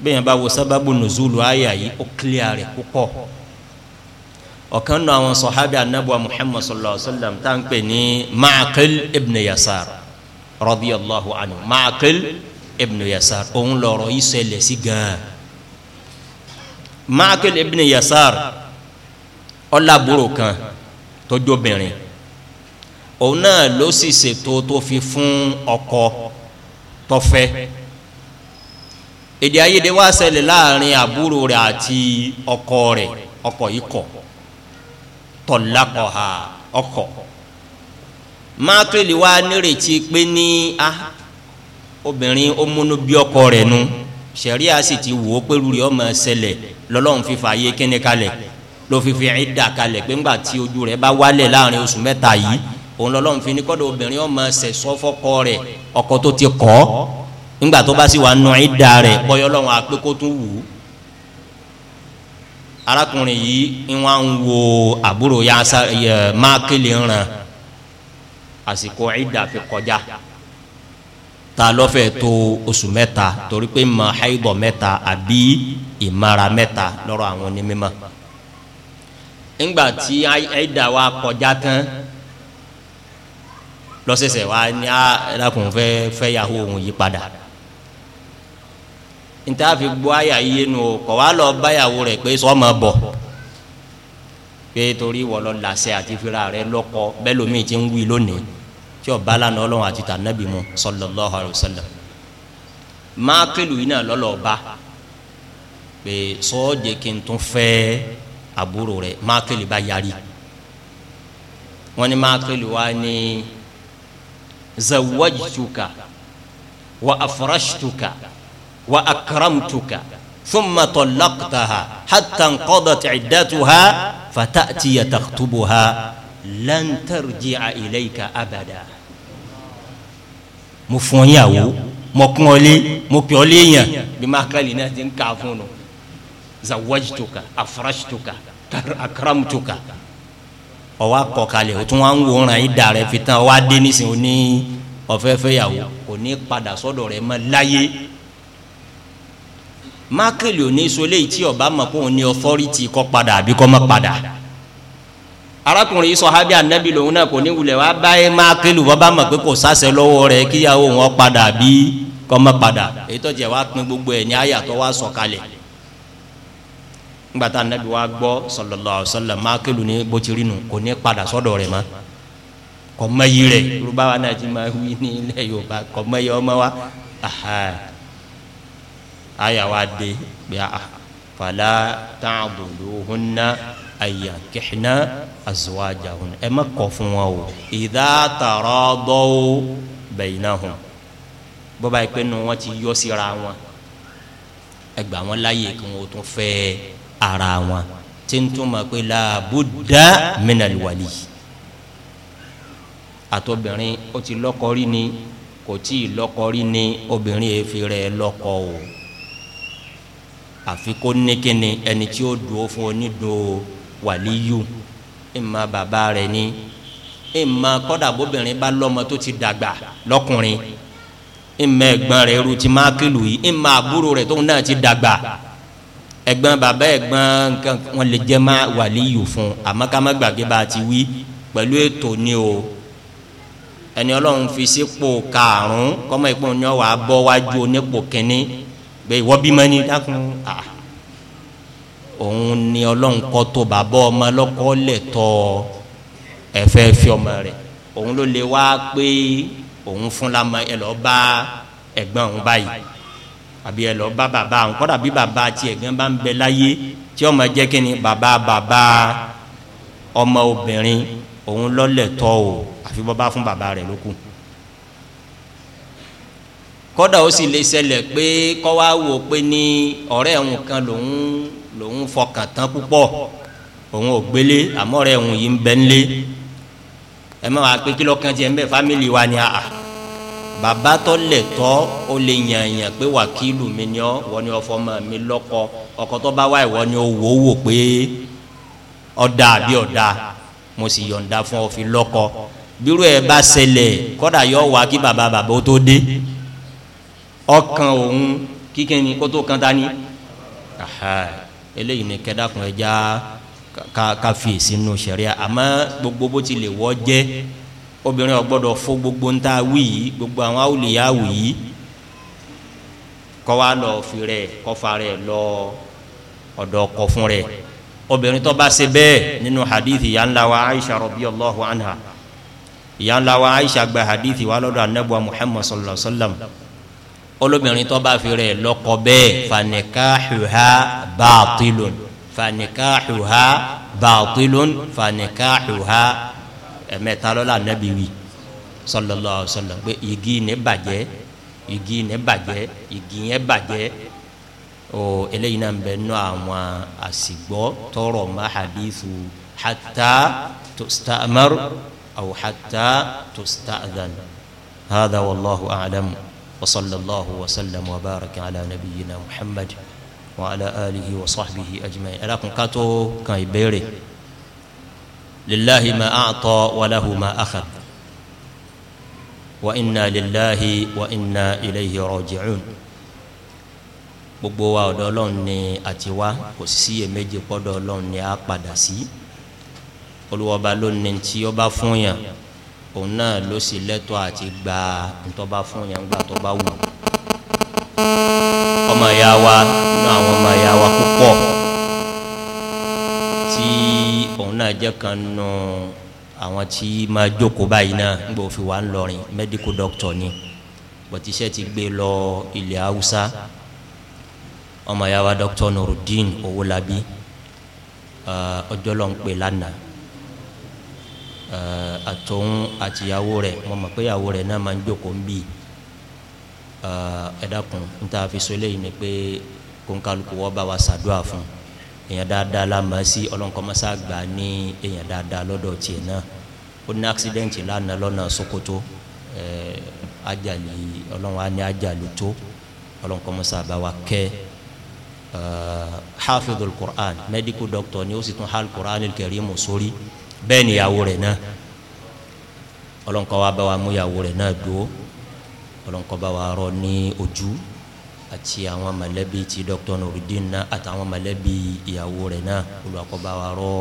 bẹ́ẹ̀ bá wo sábàbù nùzúlù aya yìí ó kílíà rẹ̀ púpọ̀ ọ̀kan nù àwọn sọ̀hábì anábùwà muhammad sallallahu alayhi wa sallam tá à ń pè ní maakil ibn yasar radiyallahu anhu maakil ibn yasar òun lọ̀rọ̀ yìí ṣẹlẹ̀ sí gan maakil ibn yasar ọ̀làbúrò kan tó jóbìnrin òun náà ló sì ṣètò tó fi fún ọkọ tọfẹ èdè ayédè wá ṣẹlẹ̀ láàrin àbúrò rẹ̀ àti ọkọ rẹ̀ ọkọ yìí kọ̀ tọ̀lákọ̀ha ọkọ mákìlì wa nírètí pé ní a obìnrin ó múnú bí ọkọ rẹ̀ nu sẹ̀ríà sì ti wò ó pé rúri ọmọ ṣẹlẹ̀ lọ́lọ́run fífa ayé kíni kalẹ̀ ló fífi ẹ̀dà kalẹ̀ pé ńgbà tí ojú rẹ̀ bá wálẹ̀ láàrin oṣù mẹ́ta yìí òun lọ́lọ́run fi ní kọ́dọ̀ obìnrin ọmọ ẹsẹ̀ sọ́fọ́kọ rẹ̀ ọkọ tó ti kọ́ nígbà tó bá sì wà nù ìdá rẹ̀ bọ́yọ́ lọ́run àpé kó tún wù ú. arákùnrin yìí ń wá ń wo àbúrò ya mákèlè ń ràn àsìkò ìdá fi kọjá ta lọ́fẹ̀ tó oṣù mẹ́ta torí pé ma haibọ̀ mẹ́ta àbí ìmara mẹ́ta lọ́rọ̀ àwọn onímọ̀. nígbà tí ẹ̀dá wa kọjá tán lọ́sẹ̀sẹ̀ wa ni a ah, ẹlẹ́kùn fẹ́ fẹ́ yahoo òun yí padà níta fi gbọ́ àyà yìí nu o kọ̀ wá lọ báyàwó rẹ̀ pé sọ́mọ bọ̀ pé torí wọlọ́ làṣẹ àti fira rẹ lọ́kọ bẹ́ẹ̀ lómi ti ń wí lónìí tí ọba lánàá ọlọ́run àti tànàbí mu sallallahu alaihi wasallam mákèlú yìí náà lọ́lọ́ọ̀ba pé sọ́ọ́jẹ́ kí n tún fẹ́ àbúrò rẹ̀ mákèlú bá yarí wọ́n ní mákèlú wa Ni زوجتك وأفرشتك وأكرمتك ثم طلقتها حتى انقضت عدتها فتأتي تخطبها لن ترجع إليك أبدا مفونياو مكمولي مقولي بما قال نهدين كافون زوجتك أفرشتك أكرمتك ọwọ́ akọkalẹ̀ o tún wá ń wòran yìí dà rẹ fi tán ọwọ́ adé nísìnyí o ní ọ̀fẹ́ fẹ́yàwó kò ní padà sọ́dọ̀ rẹ mọ́ láyé mákèlè ò ní sọlé tí ọba mọ̀ kó o ní ọfọ́rìtì kọ́ padà àbí kọ́ mọ́ padà arákùnrin yìí sọ̀hábí anabi lòun náà kò ní wulẹ̀ wá báyé mákèlè bọ́ba mọ̀ pé kò sásẹ lọ́wọ́ rẹ kíyàwó wọn padà àbí kọ́ mọ́ padà èyí tó wá pin gbogbo ẹ̀ ní àyàtọ̀ wá sọ̀kalẹ̀ ngbata anabi wa gbọ́ sallallahu alaihi wasallam makilu ni botirinu kò ní padà sọ́dọ̀ rẹ̀ ma kọmẹyi rẹ̀ yorùbá wa náà ti máa wí ní ilẹ̀ yorùbá kọmẹyi ọmọ wa aha aya wa de bi a fala ta'buduhunna ayyakihna azwajahunna ẹ má kọ̀ fún wa o idha taradaw bainahum bọba yìí pé nu wọn ti yọ síra wọn ẹgbà wọn láàyè kí wọn ó tún fẹ́ ara wọn tí ń túmọ̀ pé làbúdà mìnàlùwàlì àtọ́bìnrin ó ti lọ́kọ ni kò tí ì lọ́kọ ni obìnrin èéfi rẹ̀ lọ́kọ o àfi kó nékene ẹni tí ó dùn ó fún onídùn wàlíyù ìmọ̀ bàbá rẹ̀ ni ìmọ̀ kọ́dà bóbìnrin bá lọ́mọ tó ti dàgbà lọ́kùnrin ìmọ̀ ẹ̀gbọ́n rẹ̀ rú ti máa kílù yìí ìmọ̀ àbúrò rẹ̀ tóun náà ti dàgbà ẹ̀gbọ́n Baba ẹ̀gbọ́n nǹkan wọn lè jẹ́ máa wàlíyù fún àmọ́ ká má gbàgbé bá a ti wí pẹ̀lú ètò ni o ẹni ọlọ́run fi sípò karùn-ún kọ́mọ ìpò ní ọwọ́ abọ́ wájú onípò kínní bẹ́ẹ̀ ìwọ́ bímọ ní dákun à òun ni ọlọ́run kọ́ tó bàbá ọmọ lọ́kọ́ lẹ̀ tọ́ ẹ̀fẹ́ fi ọmọ rẹ̀ òun ló lè wá pé òun fúnla ẹ lọ́ọ́ bá ẹ̀gbọ́n òun báyìí àbí ẹ lọ bá bàbá àwọn kọ́dà bí bàbá tiẹ̀ gan bá ń bẹ láyé tí ọmọ jẹ́ kí ni bàbá bàbá ọmọ obìnrin òun lọ́lẹ̀ tọ́ o àfi bọ́ bá fún bàbá rẹ̀ lókù kọ́dà ó sì lè ṣẹlẹ̀ pé kọ́ wá wò pé ní ọ̀rẹ́ ẹ̀hún kan lòun lòun fọkàn tán púpọ̀ òun ò gbélé àmọ́ ọ̀rẹ́ ẹ̀hún yìí ń bẹ́ ẹ má wàá pé kí lọ́kàn tiẹ̀ ń bẹ fámìlì wa ni àà. Baba tó lè tọ́ ó lè yànyàn pé wàkílù mi ni ọ́ wọ́n ni ọ̀fọ́ mọ́ mi lọ́kọ ọkọ ba bá wà ìwọ ni ó wò ó wò pé ọ̀dà àbí ọ̀dà mo sì yọ̀ǹda fún ọ fi lọ́kọ bírú ẹ bá ṣẹlẹ̀ kọ́dà yọ wá kí bàbá bàbá ó tó dé ọkàn kíkẹ́ ni kó tó ni eléyìí ni kẹ́dàkùn ẹja ká fi èsì nù àmọ́ gbogbo bó ti lè wọ́ jẹ́ obìnrin ọ̀gbọ́dọ̀ fo gbogbo ń ta wí yìí gbogbo àwọn awùlìyà wì yìí kọ́ wa lọ fi rẹ̀ kọ́fà rẹ̀ lọ ọ̀dọ̀ ọkọ̀ fún rẹ̀ obìnrin tó bá ṣe bẹ́ẹ̀ nínú hadithi ìyá ńlá wa aisha anha ìyá aisha gba hadithi wa lọ́dọ̀ anabuwa muhammad sallallahu alayhi wa sallam olóbìnrin tó bá fi rẹ̀ lọ́kọ bẹ́ẹ̀ fanikahuha baatilun fanikahuha baatilun fanikahuha ẹ̀mẹ́ta lọ́la nẹ́bi wí sallallahu alaihi wasallam pé igi ní bàjẹ́ igi ní bàjẹ́ igi yẹn bàjẹ́ o eléyìí náà ń bẹ nù àwọn àsìgbọ́ tọrọ ma hadithu hatta tusta'mar aw hatta tusta'dhan hadha wallahu a'lam wa sallallahu wa sallam wa baraka ala nabiyyina muhammad wa ala alihi wa sahbihi ajma'in ẹ lakun ká kan ìbéèrè lillahi ما أعطى وله ما أخذ، وإنا لله وإنا إليه راجعون. inna ilayhi raji'un gbogbo wa ọ̀dọ̀ Ọlọ́run ni àti wa kò sí iyèméjì pọdọ Ọlọ́run ni a padà sí olùwọba ló ní tí ó bá fún yàn òun náà ló sì lẹ́tọ̀ọ́ àti gba ntọ́ba fún yàn ńgbà tó wù ọmọ ìyá wa nínú àwọn ọmọ ìyá wa púpọ̀ náà jẹ́ kan nù àwọn tí máa jókòó báyìí náà ń gbọ́ fi wà ń lọrin medical doctor ni bọ̀tí iṣẹ́ ti gbé lọ ilẹ̀ haúsá ọmọ ìyá doctor nurudeen owolabi uh, ọjọ́ ló ń pè lánàá uh, àtòun àtìyàwó rẹ̀ mo mọ̀ pé ìyàwó rẹ̀ náà máa ń jókòó ń bì uh, ẹ níta fi so eléyìí ni pé kóńkálukú wọ́n bá wa ṣàdúrà fún un èèyàn dáadáa la mọ̀ sí ọlọ́nkọ́mọ́sá gbà ní èèyàn dáadáa lọ́dọ̀ tiẹ̀ náà ó ní accident lánàá lọ́nà Sokoto ẹ̀ẹ́ ajali ọlọ́run á ní ajali tó ọlọ́nkọ́mọ́sá bá wa kẹ́ ẹ̀ẹ́ hafidul Qur'an medical doctor ni ó sì tún hal Qur'an kẹrìmù sórí bẹ́ẹ̀ ni ìyàwó rẹ̀ náà ọlọ́nkọ́ wa bá wa mú ìyàwó rẹ̀ náà dúró ọlọ́nkọ́ bá wa rọ ní ojú àti àwọn mọ̀lẹ́bí ti dr nurudin náà àtàwọn mọ̀lẹ́bí ìyàwó rẹ̀ náà olùwàkọ́bá wa rọ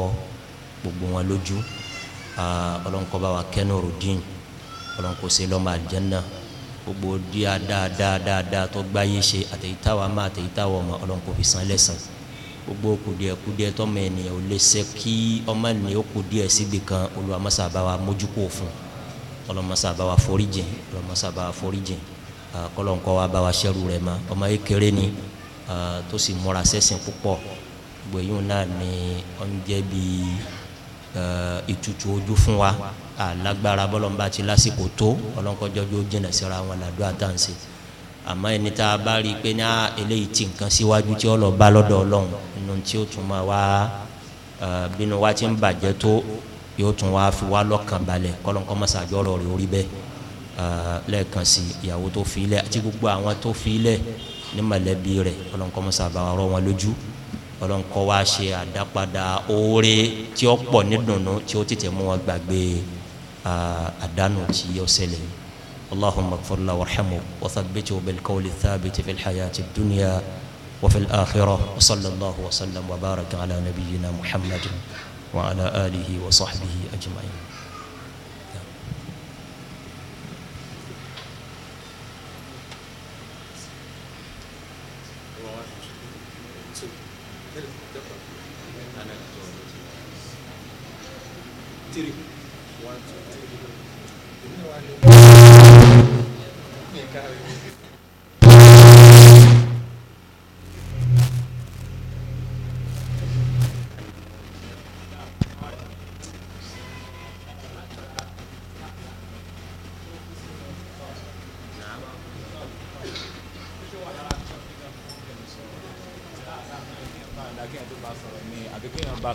gbogbo wọn lójú ọlọ́nkọ́bá wa kẹ́ nurudin ọlọ́nkọ́ ṣe lọ́mọ àlìjẹ́nà gbogbo díà dáadáa dáadáa tó gbáyé ṣe àtẹ̀yítàwọ̀ àmọ́ àtẹ̀yítàwọ̀ ọmọ ọlọ́nkọ́ fi san lẹ́sàn gbogbo kùdìẹ̀kùdìẹ̀ tọ́mọ ènìyàn ò lè ṣe kí ọmọ ènìyàn ó kùdìẹ̀ síbi kan olùwàmọ́sàbáwa mójúkó fún ọlọ́mọsàbáwa foríjìn ọlọ́mọsàbáwa foríjìn Ah, kọlọ̀nkọ́ wa bá wa ṣẹ́rù rẹ̀ ma ọmọ yìí kéré ni ah, tó sì múra sẹ́sìn púpọ̀ gbẹ̀yìn náà ni ó ń jẹ́ bí ah, ìtutù ojú fún wa alágbára bọ́lọ́mbà ti lásìkò tó ọlọ́nkọ́jọ́jú jìnnà síra wọn làdúrà tá à ń ṣe àmọ́ ẹni tá a bá rí i pé ní eléyìí ti nǹkan síwájú tí ó lọ bá lọ́dọ̀ ọlọ́run inú tí ó tún máa wá bínú wa ti ń bàjẹ́ tó yóò tún wá fi wá lọ́kàn balẹ̀ kọ́lọ́nkọ́ mọ́sàájọ́ rẹ̀ orí bẹ́ẹ̀. Eh, lẹ́ẹ̀kan sí ìyàwó tó fi ilẹ̀ àti gbogbo àwọn tó fi ilẹ̀ ní mọ̀lẹ́bí rẹ̀ ọlọ́nkọ́ mọ́sàbà ọ̀rọ̀ wọn lójú ọlọ́nkọ́ wa ṣe àdápadà oore tí ó pọ̀ nídùnnú tí ó tètè mú wọn gbàgbé eh, àdánù tí ó ṣẹlẹ̀ allahumma kfurla warhamu wathabbithu bilkawli thabiti fi lxayati dunya وفي الآخرة وصلى الله وسلم وبارك على نبينا محمد وعلى آله وصحبه أجمعين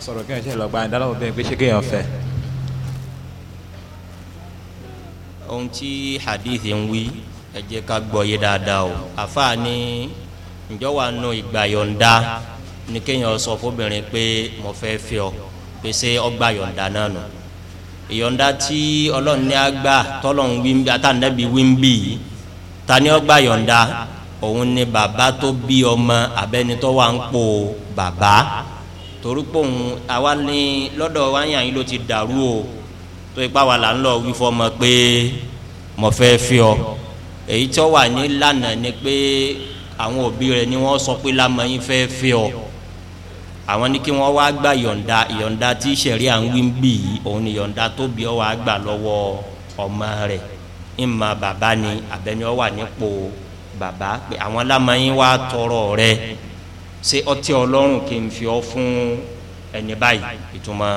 máa sọ̀rọ̀ kí n ṣe lọ́gbà ìdálọ́wọ́ bẹ́ẹ̀ pé ṣé kéèyàn fẹ́. ohun tí hadith ń wí ẹ jẹ́ ká gbọ́ yé dáadáa o àfáà ní ǹjọ́ wà nù ìgbà yọ̀ǹda ni kéèyàn sọ fóbìnrin pé mo fẹ́ fẹ́ ọ pé ṣé ọgbà yọ̀ǹda náà nù ìyọ̀ǹda tí ọlọ́run ní agbá tọ́lọ́run wí ń wí ń bí yìí ta ni ọgbà yọ̀ǹda òun ni bàbá tó bí ọmọ abẹ́ni tó ń pò bàbá torúpọ̀ ń àwa ní lọ́dọ̀ wa yàn yín ló ti dàrú o tó ipá wa là wí fọmọ pé mo fẹ́ fi ọ èyí tí ó wà ní lánàá ni pé àwọn òbí rẹ ni wọ́n sọ pé lámọ yín fẹ́ fi ọ àwọn ní kí wọ́n wá gba yọ̀ǹda yọ̀ǹda tí sẹ̀rí à ń wí ń bì yìí òun ni yọ̀ǹda tó bí ọ wá gbà lọ́wọ́ ọmọ rẹ̀ ìmọ̀ bàbá ni àbẹ́ni ọ wà nípò bàbá pé àwọn lámọ yín wá tọrọ rẹ̀ ṣe ọtí ọlọ́run kì í fi ọ fún ẹni báyìí ìtumọ̀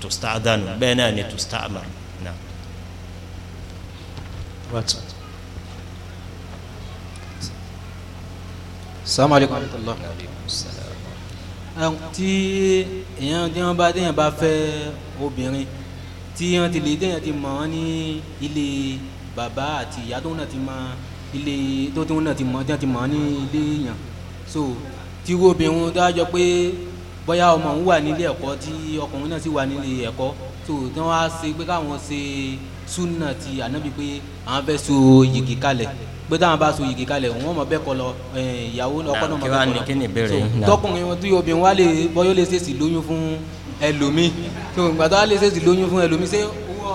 tó stádánù bẹ́ẹ̀ náà ni tó stáàmà náà. sàmà aleykum alaykum tí èèyàn tí wọn bá déèyàn bá fẹ́ obìnrin tí wọn ti lè déèyàn ti mọ̀ wọn ní ilé bàbá àti ìyá tó náà ti mọ̀ ilé tó tó náà ti mọ̀ tí wọn ti mọ̀ ní ilé yàn so tíru obìnrin dájọ pé bóyá ọmọ òun wà nílé ẹ̀kọ́ tí ọkùnrin náà sì wà nílé ẹ̀kọ́ tó tí wọ́n á ṣe pé káwọn ṣe súnà ti ànábi pé àwọn fẹ́ so yìgì kalẹ̀ pé táwọn bá so yìgì kalẹ̀ wọ́n mọ̀ bẹ́ẹ̀ kọ́ lọ ìyàwó ọkọ náà mọ̀ bẹ́ẹ̀ kọ́ lọ tọkùnrin tí obìnrin wa lè bọ́yọ́ lè ṣèṣì lóyún fún ẹlòmíì tó gbàtọ́ wa lè ṣèṣì lóyún fún ẹlòmíì ṣé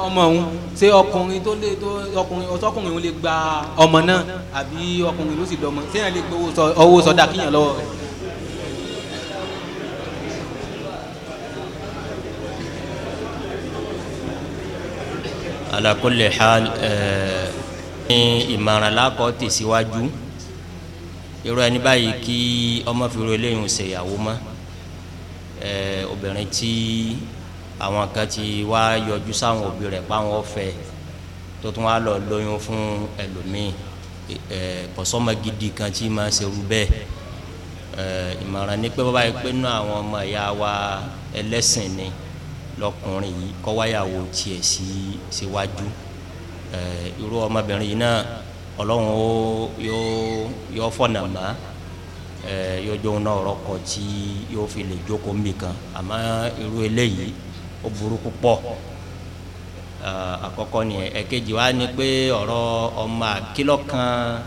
ọmọ òun ṣé ọkùnrin tó lè tó ọkùnrin ọsọkùnrin òun lè gba ọmọ náà àbí ọkùnrin ló sì lọ́mọ ṣé yẹn lè gbowó sọdá kíyàn lọ́wọ́ rẹ̀. ala kulli hal eh, ní ìmọ̀ràn lákọ̀ tẹ̀síwájú irú ẹni báyìí kí ọmọ fìrò eléyìí ṣèyàwó mọ́ eh, obìnrin tí àwọn kan ti wá yọjú sáwọn òbí rẹ̀ páwọn ọ̀fẹ́ tó tún wá lọ lóyún fún ẹlòmíì pọ̀sọ́mọ eh, gidi kan tí máa ṣerú bẹ́ẹ̀ ìmọ̀ràn ni pé bàbá yìí pé nínú àwọn ọmọ ìyá wa ẹlẹ́sìn ni. Eh, lọkùnrin yìí kọ́wáyàwó tiẹ̀ sí síwájú ẹ irú ọmọbìnrin yìí náà ọlọ́run yóò yóò fọ̀nà má ẹ yóò jóun náà rọkọ̀ tí yóò fi lè jókòó mi kan irú eléyìí ó burú púpọ̀ àkọ́kọ́ nìyẹn ẹ̀kejì wa ni pé ọ̀rọ̀ ọmọ àkìlọ̀ kan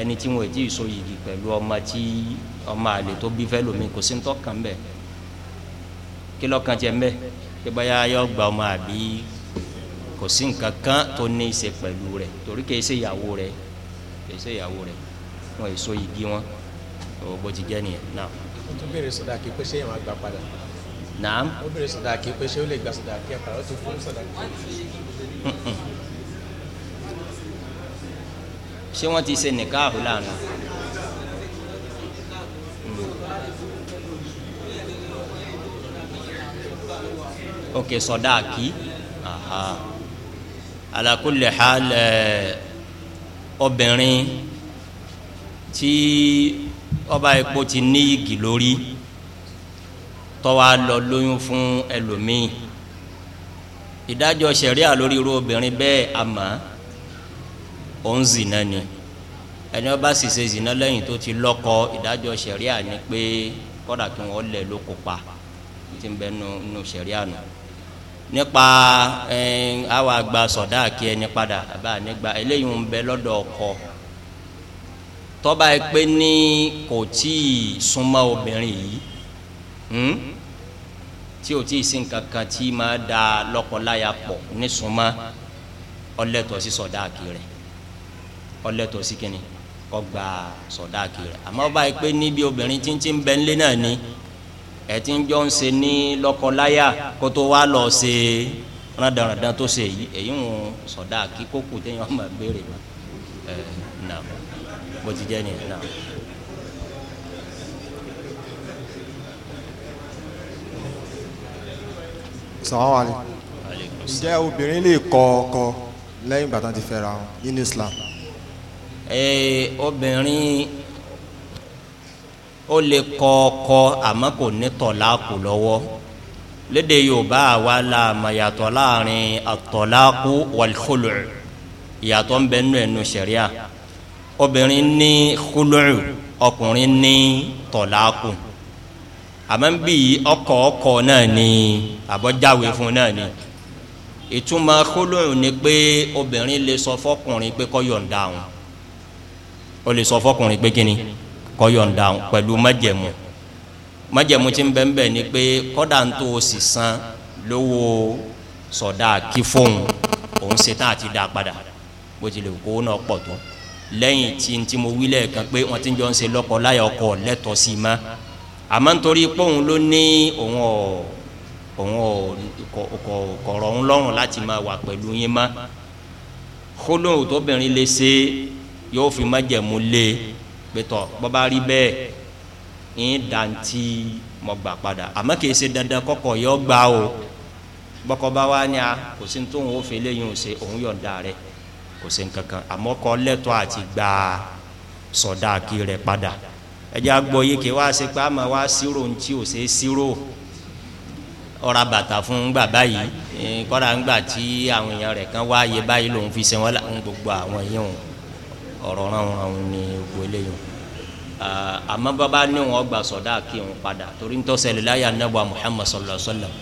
ẹni tí wọn ò so yìgì pẹ̀lú ọmọ tí ọmọ àlè tó bí fẹ́ lómi kò sí ń tọ́ kàn bẹ́ẹ̀ kìlọ̀ kan tiẹ̀ mẹ́ẹ̀ pé báyà yọ gba ọmọ àbí kò sí nǹkan kan tó ní í ṣe pẹ̀lú rẹ̀ torí kìí ṣe ìyàwó rẹ̀ kìí ṣe ìyàwó rẹ̀ wọn èso igi wọn ò bó ti jẹ́ nìyẹn náà. ó tún béèrè sọdáàkì pé ṣé ìwọ̀n àgbà padà. o ó béèrè sọdáàkì pé ṣé ó lè gba sọdáàkì ẹ̀ padà ó ti fún sọdáàkì. ṣé wọ́n ti ṣe nìkan àhùlà náà. okay sọdáàkì ala kulli hal eh, obìnrin tí ọba epo ti ní igi lórí tọ́wá lọ lóyún fún ẹlòmíì ìdájọ́ ṣẹ̀ríà lórí irú obìnrin bẹ́ẹ̀ àmọ́ òun zìnà ni ẹni ọba sì ṣe zìnà lẹ́yìn tó ti lọ́kọ ìdájọ́ ṣẹ̀ríà ni pé kọ́dà kí wọ́n lẹ̀ ló kópa tí ń bẹ́ẹ̀ nu ṣẹ̀ríà nù. no nípa àwọn àgbà sọ̀dá kí ẹni padà àbá nígbà eléyìí ń bẹ lọ́dọ̀ ọkọ tọ́ba ẹ pé ní kò tí ì súnmọ́ obìnrin yìí tí o tí ì sí nǹkan kan tí máa da lọ́kọláya pọ̀ ní súnmọ́ ọlẹ́tọ̀ sí sọ̀dá kí rẹ̀ ọlẹ́tọ̀ sí kínní ọgbà sọ̀dá kí rẹ̀ àmọ́ ọba ẹ pé ní bí obìnrin tí ń bẹ ńlé náà ni ẹtí ń jọ ń ṣe ní lọ́kọláya kó tó wá lọ ṣe rándanrandan tó ṣe yìí èyí ń sọdá kí kókò téèyàn máa béèrè ma ẹ nà bó ti jẹ nìyẹn nà. sàwọn ǹjẹ́ obìnrin lè kọ ọkọ lẹ́yìn ìgbà ti fẹ́ra wọn nínú Islam. ẹ obìnrin ó lè kọ ọkọ àmọ́ kò ní tọ̀láàkù lọ́wọ́ lédè yorùbá àwa la mà yàtọ̀ láàrin àtọ̀láàkù wàlúkúlù ìyàtọ̀ ń bẹ nínú ẹnu sẹ̀ríà obìnrin ní kúlù ọkùnrin ní tọ̀láàkù àmọ́ ń bí ọkọ ọkọ náà ni àbọ̀jáwé fún náà ni ìtumọ̀ kúlù ni pé obìnrin lè sọ fọkùnrin pé kó yọ̀ǹda òun ó lè sọ fọkùnrin pé kíni kọ́yọ̀ǹda pẹ̀lú májẹ̀mú májẹ̀mú tí ń bẹ́ẹ̀ bẹ́ẹ̀ ni pé kọ́dà ń tó o sì san lówó sọ̀dá kí fóun òun ṣetán àti dá padà bó tilẹ̀ kó náà pọ̀ tó lẹ́yìn tí tí mo wí lẹ́ẹ̀kan pé wọ́n ti jọ ń ṣe lọ́kọ láyà ọkọ lẹ́tọ̀ọ́ sí i àmọ́ nítorí póun ló ní òun ọ̀ òun ọ̀ kọ̀ọ̀rọ̀ òun lọ́rùn láti máa wà pẹ̀lú yín mọ́ kólóhùn tóbìnrin lè ṣe yóò fi májẹ̀mú lé e pẹ̀tọ̀ bọ́bá rí bẹ́ẹ̀ ń dantí mọ̀ gbà padà àmọ́ kìí ṣe dandan kọ́kọ́ yọ gbà o bọ́kọ bá wá ní a kò sí tóun ó fi léyìn ò ṣe òun yọ̀ǹda rẹ̀ kò sí nkankan àmọ́ kọ́ lẹ́tọ́ àti gba sọ̀dá kí rẹ̀ padà ẹjẹ́ agbọ́ kí wá ṣe pé a máa wá sírò ò ṣe sírò ọ̀rá bàtà fún gbà báyìí kọ́ra ń gbà tí àwọn èèyàn rẹ̀ kan wá báyìí lòun fi ṣe wọ́n gbogbo àwọn yìí hàn. ọ̀rọ̀ ọ̀rọ̀ àwọn ni ògbó eléyìí àmọ́ bàbá ní wọn gbà sọ̀dá kí wọn padà torí ń láyà Muhammad sallallahu alayhi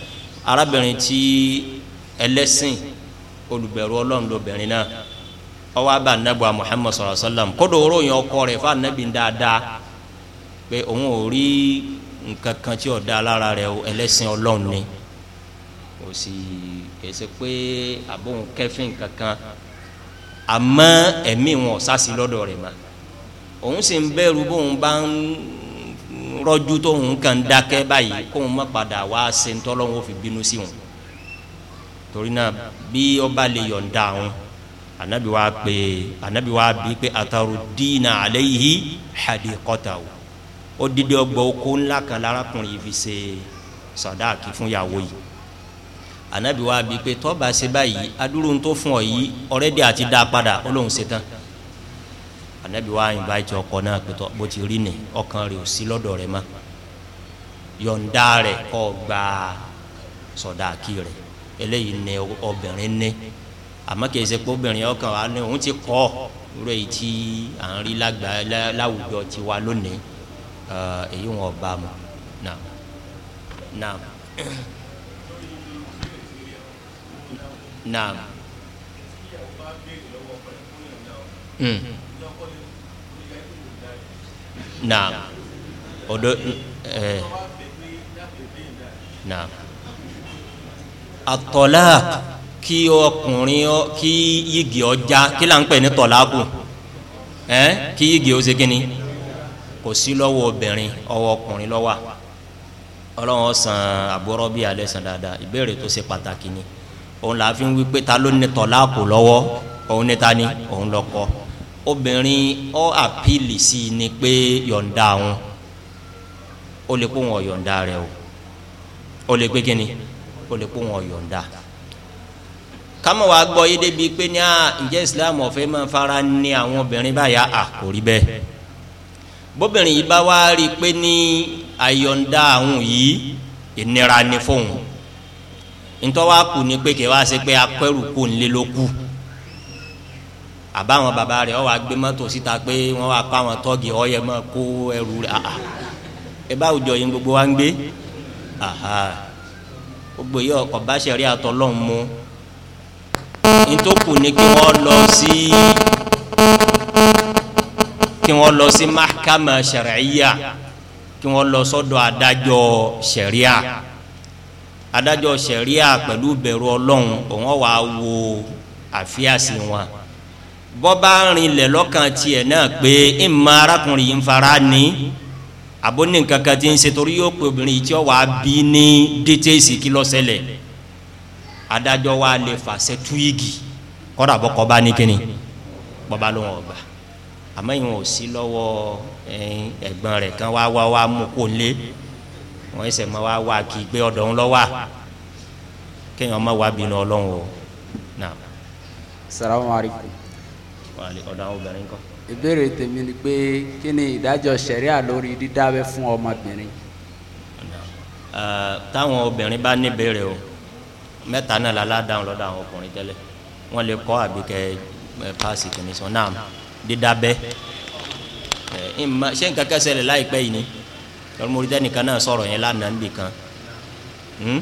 arábìnrin tí ẹlẹ́sìn olùbẹ̀rù ọlọ́run lóbìnrin náà ọwọ́ ọkọ fún anabi dáadáa pé òun ò rí nǹkan kan tí lára ẹlẹ́sìn ọlọ́run ni kò àmọ́ ẹ̀mí wọn ọ̀sásí lọ́dọ̀ rẹ̀ mà òun sì ń bẹ̀rù bóun bá ń rọ́jú tóun kàn dákẹ́ báyìí kóun má padà wá ṣe ń tọ́lọ́wọ́ fi bínú sí wọn torí náà bí ọba lè yọ̀ǹda wọn anabi wa pe anabi wa bi pe ataru diina aleyhi hadiqata o ó dídé ọgbà oko ńlá kan lárakùnrin yìí fi ṣe sàdáàkì fún yàwó yìí anabi wa bi pé tọ́ba ṣe báyìí adúrú tó fún ọ yìí ọ̀rẹ́dì àti dá padà ó lóun ṣe anabi wa invite ọkọ náà pé tọ́ bó ti rí ni ọkàn rẹ̀ ò sí lọ́dọ̀ rẹ̀ mọ́ yọ̀ǹda rẹ̀ kọ́ gba sọ̀dáàkì rẹ̀ eléyìí ni obìnrin ní àmọ́ kìí ṣe obìnrin ọkàn wa ni òun ti kọ́ irú èyí tí à ń rí láwùjọ tiwa lónìí èyí wọn ọba mu náà náà. naam. Mm. naam odo eh, naam atɔla kí ọkùnrin kí yigi ọjà kí là ń pè ní tɔlaku ɛ eh? kí yigi ọsegini kò sí lọ́wọ́ obìnrin ọwọ́ ọkùnrin ló wà ọlọ́wọ́ san àbúrò bíi alẹ́ san dáadáa ìbéèrè tó ṣe pàtàkì ni òun là fi ń wí pé ta ló ní tọ̀lá kò lọ́wọ́ òun ní ta ni òun lọ́kọ obìnrin ọ àpìlì sí i ni pé yọ̀ǹda òun ó lè pé òun ọ̀yọ̀ǹda rẹ o ó lè pé kíni ó lè pé òun ọ̀yọ̀ǹda kámọ̀ wàá gbọ́ yé débi pé ní à ǹjẹ́ islam ọ̀fẹ́ máa fara ní àwọn obìnrin báyà à kò rí bẹ́ẹ̀ bóbìnrin yìí bá wá rí i pé ní àyọ̀ǹda àwọn yìí ìnira ni fóun ntọ́wá kù ní pé kí wá ṣe pé akẹ́rù kò ń lé ló kù àbáwọn bàbá rẹ̀ wọ́n wá gbé mọ́tò síta pé wọ́n wá pa àwọn tọ́gì ọ̀yẹ́ mọ́ kó ẹrù rẹ̀ àhà ẹ bá òjò yín gbogbo wa ń gbé àhà gbogbo yìí ọkọ̀ bá ṣẹ̀rí àtọ́lọ́hún mu ntọ́kù ní kí wọ́n lọ sí kí wọ́n lọ sí mahkama sẹ̀ríyà kí wọ́n lọ sọ́dọ̀ adájọ́ sẹ̀ríyà. So adájọ́ sẹ̀ríà pẹ̀lú bẹ̀rù ọlọ́run òun wà wo àfíàsí wọn bọ́bá rinlẹ̀ lọ́kàn tiẹ̀ náà pé ìmọ̀ arákùnrin yìí ń fara ní àbóní kankan ti ń ṣe torí yóò pè obìnrin tí ó wà bí ní dts kí ló ṣẹlẹ̀ adájọ́ wa lè fàṣẹ túyìgì kọ́dà bọ́ kọ́ bá ní kíni bọ́bá ló wọn gbà àmọ́ ìwọ̀n ò sí lọ́wọ́ ẹ̀gbọ́n rẹ̀ kan wá wá wá mú kó lé wọn ẹsẹ ma wá wá kí gbé ọdọ ńlọ wá kéèyàn má wá bínú Ọlọ́run o naam. salaamaleykum. wàhálì ọ̀dọ̀ àwọn obìnrin kan. ìbéèrè tèmi ni pé kí ni ìdájọ́ ṣẹ̀ríà lórí dídábẹ́ fún ọmọbìnrin. táwọn obìnrin bá níbèrè o mẹ́ta náà la ládàáhùn lọ́dọ̀ àwọn ọkùnrin tẹ́lẹ̀ wọ́n lè kọ́ àbíkẹ́ paasi kìnìún sọ naam dídábẹ́ ṣé nǹkan kẹsẹ̀ lè láìpẹ́ yìí ni lọ́rọ́ mo rí dẹ́nìkan náà sọ̀rọ̀ yẹn lánàá níbì kan hmm?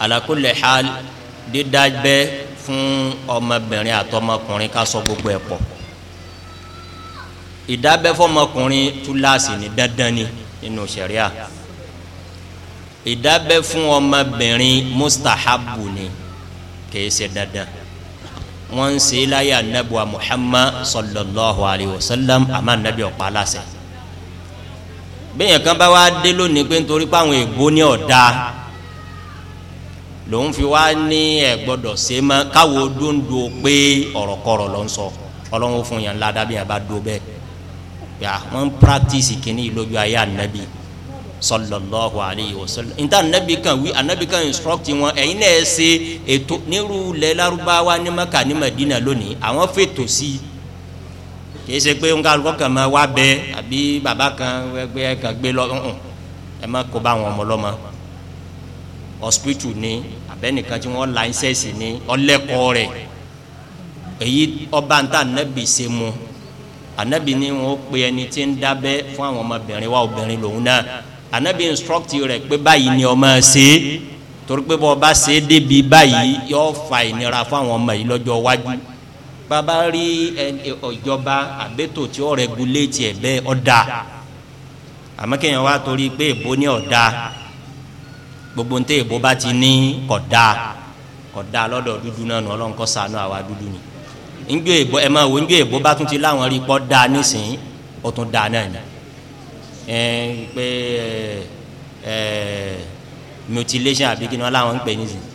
ala kulli hal dídábẹ́ fún ọmọbìnrin àtọmọkùnrin ká sọ gbogbo ẹ̀ pọ̀ ìdábẹ́ fọmọkùnrin túláàsì ní dandan ni nínú ṣẹ̀ríà ìdábẹ́ fún ọmọbìnrin mustahabu ni kìí ṣe dandan wọ́n ń ṣe láyà nabuwa muhammad sallallahu alayhi wa sallam àmà nabi ọ̀pá aláṣẹ bẹ́ẹ̀ kan bá wá dé lónìí pé nítorí pé àwọn èèbó ní ọ̀dà lòun fi wá ní ẹ̀ gbọ́dọ̀ ṣe mọ́ káwo dúndú pé ọ̀rọ̀kọ̀rọ̀ ló ń sọ ọlọ́run fún yàn ládàá bí yàn bá dó bẹ́ẹ̀ yà wọ́n ń practice kìíní lójú ayé ànábì sallallahu alayhi wa sallam nta ànábì kan wí ànábì kan instruct wọn ẹ̀yin náà ṣe ètò nírú lẹ́ lárúbáwá ní maka ní madina lónìí àwọn fètò sí i kìí ṣe pé ń kálukọ́ kàn máa wá bẹ àbí bàbá kan gbé kan gbé lọ ọ̀hún ẹ má kó bá àwọn ọmọ lọ́mọ hospital ni abẹ́nìkan tí wọ́n la ṣẹ́ẹ̀sì ni ọlẹ́kọ̀ọ́ rẹ̀ èyí ọba ń ta anabi ṣe mu anabi ni wọn pe ẹni tí ń dábẹ́ fún àwọn ọmọbìnrin wa obìnrin lòun náà anabi instruct rẹ̀ pé báyìí ni ọmọ ṣe torí pé bọ́ ọba ṣe é débi báyìí yọ fa ìnira fún àwọn ọmọ yìí lọ́jọ́ iwájú bàbá rí ọ̀jọba abeto tí ó rẹguléètì ẹ̀ bẹ́ẹ̀ ọ̀dà àmọ́ kéèyàn wá torí pé èbó ní ọ̀dà gbogbo ntẹ èbó bá ti ní kọ̀dà kọ̀dà lọ́dọ̀ dúdú náà nù ọlọ́run kó ṣàánú àwa dúdú ni njó èbó ẹ máa wo njó èbó bá tún ti láwọn rí kọ́ da nísìnyí ó tún da náà ni ẹ pé ẹ mutilation àbí kí ni wọn láwọn ń pè nísìnyí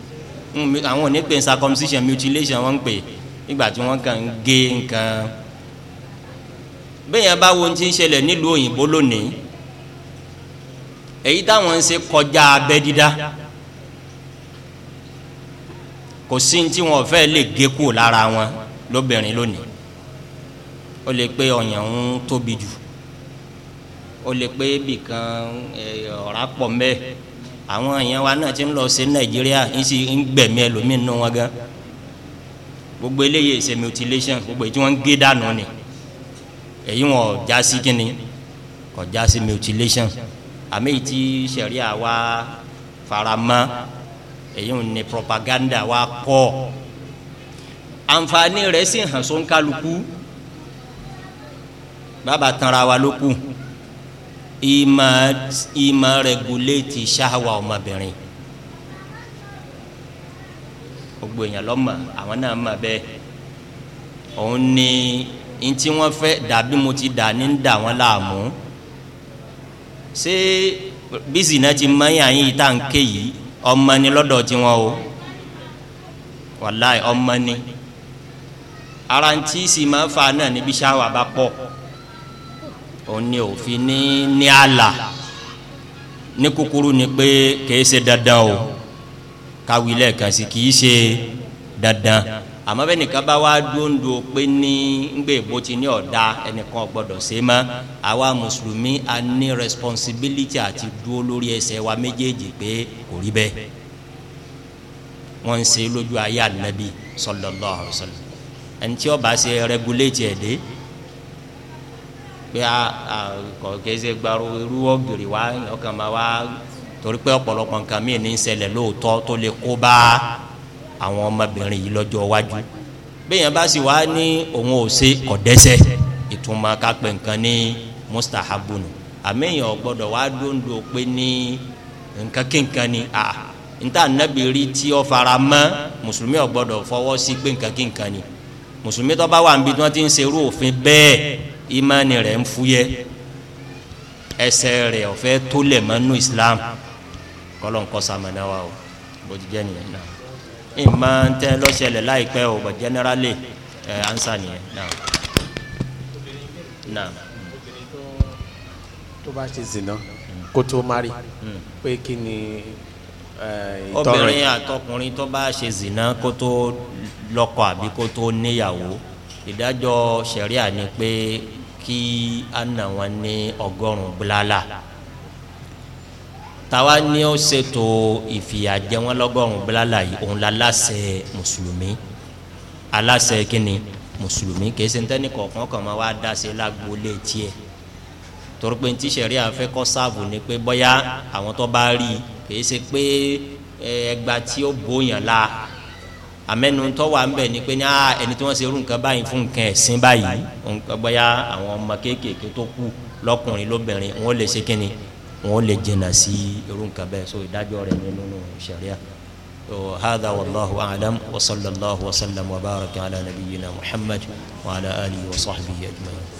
àwọn ò ní pè circumcision mutilation wọn ń pè é nígbà tí wọ́n kàn ń gé nǹkan bẹ́ẹ̀ yẹn bá wo ti ń ṣẹlẹ̀ nílùú òyìnbó lónìí èyí táwọn ń ṣe kọjá abẹ́ dídá kò sí ní tí wọn fẹ́ lè gé kúrò lára wọn lóbìnrin lónìí ó lè pé ọyàn ń tóbi jù ó lè pé bìkan ọ̀rá pọ̀ mẹ́ẹ̀ àwọn èèyàn wa náà ti ń lọ sí nàìjíríà ń gbẹ̀mí ẹlòmíín nù wọn gan gbogbo eléyìí ṣe mutilation gbogbo èyí tí wọ́n ń gé dànù ni èyí wọn já sí kínni kò já sí mutilation àmì yìí tí ṣẹ̀ríà wa faramọ́ èyí wọn ni propaganda wa pọ̀ àǹfààní rẹ̀ sì hàn sóńkálukú bàbá tanra wa ló kù ìmọ̀ ìmọ̀ rẹ̀ gùn ṣáwa ọmọbìnrin gbogbo èèyàn lọ́mọ àwọn náà mọ̀ bẹ́ẹ̀ òun ni ntí wọ́n fẹ́ dàbí mo ti dà ní dà wọ́n láàmú ṣé bísí náà ti mọ yàn yín tá n ké yìí ọmọ ni lọ́dọ̀ tiwọn o wàláì ọmọ ni ara ń tí sì máa fa náà níbi ṣáwà bá pọ̀ òun ni òfin ní ní àlà ní kúkúrú ni pé kèé ṣe dandan o káwí kasi sí kì í ṣe dandan àmọ́ bẹ́ẹ̀ nìkan bá wá dóńdó pé ní ngbè bó ní ọ̀dà ẹnìkan gbọ́dọ̀ ṣe mọ́ àwa mùsùlùmí a ní responsibility àti dúró lórí ẹsẹ̀ wa méjèèjì pé kò rí bẹ́ẹ̀ wọ́n ń ṣe lójú ayé ànábì sallallahu alaihi wasallam ẹni tí ó bá ṣe regulate ẹ̀ dé pé a kò kése gbàrú irú ọ̀gìrì wa ọkàn máa wá torí pé ọ̀pọ̀lọpọ̀ nǹkan míì ní ń ṣẹlẹ̀ lóòótọ́ tó lè kó bá àwọn ọmọbìnrin yìí lọ́jọ́ iwájú bẹ́ẹ̀yàn bá sì wá ní òun ò ṣe ọ̀dẹ́sẹ̀ ìtumọ̀ kápẹ́ nǹkan ní mustahabunu àmẹ́yìn ọ̀gbọ́dọ̀ wá dóńdó pé ní nǹkan kínkan ni a níta nàbì rí tí ó fara mọ́ mùsùlùmí ọ̀gbọ́dọ̀ fọwọ́ sí pé nǹkan kínkan ni mùsùlùmí tó bá wà níbi tí wọ́n ti ń serú òfin bẹ́ẹ̀ ìmánì rẹ̀ ń fúyẹ́ ẹsẹ̀ rẹ̀ ọ̀fẹ́ tó lẹ̀ mọ́nú Islam. Islam kọ́lọ́n kọ́ sàmánà wa o bó ti jẹ́ nìyẹn náà ìmọ̀ ń tẹ́ lọ́sẹ̀lẹ̀ láìpẹ́ o bọ̀ jẹ́nẹ́rálì ẹ̀ ansa nìyẹn náà. náà. tó bá ṣe zina hmm. kó mari hmm. pé kí ni ìtọ́rẹ̀. obìnrin àtọkùnrin tó bá ṣe zina kó tó lọ́kọ àbí kó tó níyàwó ìdájọ́ ṣẹ̀ríà ni pé kí àna ní ọgọ́rùn-ún tàwa ni ó ṣètò ìfìyàjẹ wọn lọ́gọ́rùn bílálà yìí òun la láṣẹ musulumi, aláṣẹ kínní mùsùlùmí kìí ṣe ntẹ́ni kọ̀ọ̀kan kan máa wá dá sí lágboolé tiẹ̀ torí pé ntí sẹ̀rí àfẹ́ kọ́ sáàbù ni pé bọ́yá àwọn tó bá rí kìí ṣe pé ẹgba tí ó bóyàn la amẹnu tó wà ń bẹ̀ ni pé ní ẹni tí wọ́n ṣe irú nǹkan báyìí fún nǹkan ẹ̀sìn báyìí bọ́yá àwọn ọmọ kéékèèké tó kú lọ́kùnrin lóbìnrin wọ́n lè ṣe kínní wọn lè jẹnà sí irú bẹ́ẹ̀ so ìdájọ́ rẹ̀ nínú sariya هذا والله أعلم وصلى الله وسلم وبارك على نبينا محمد وعلى آله وصحبه أجمعين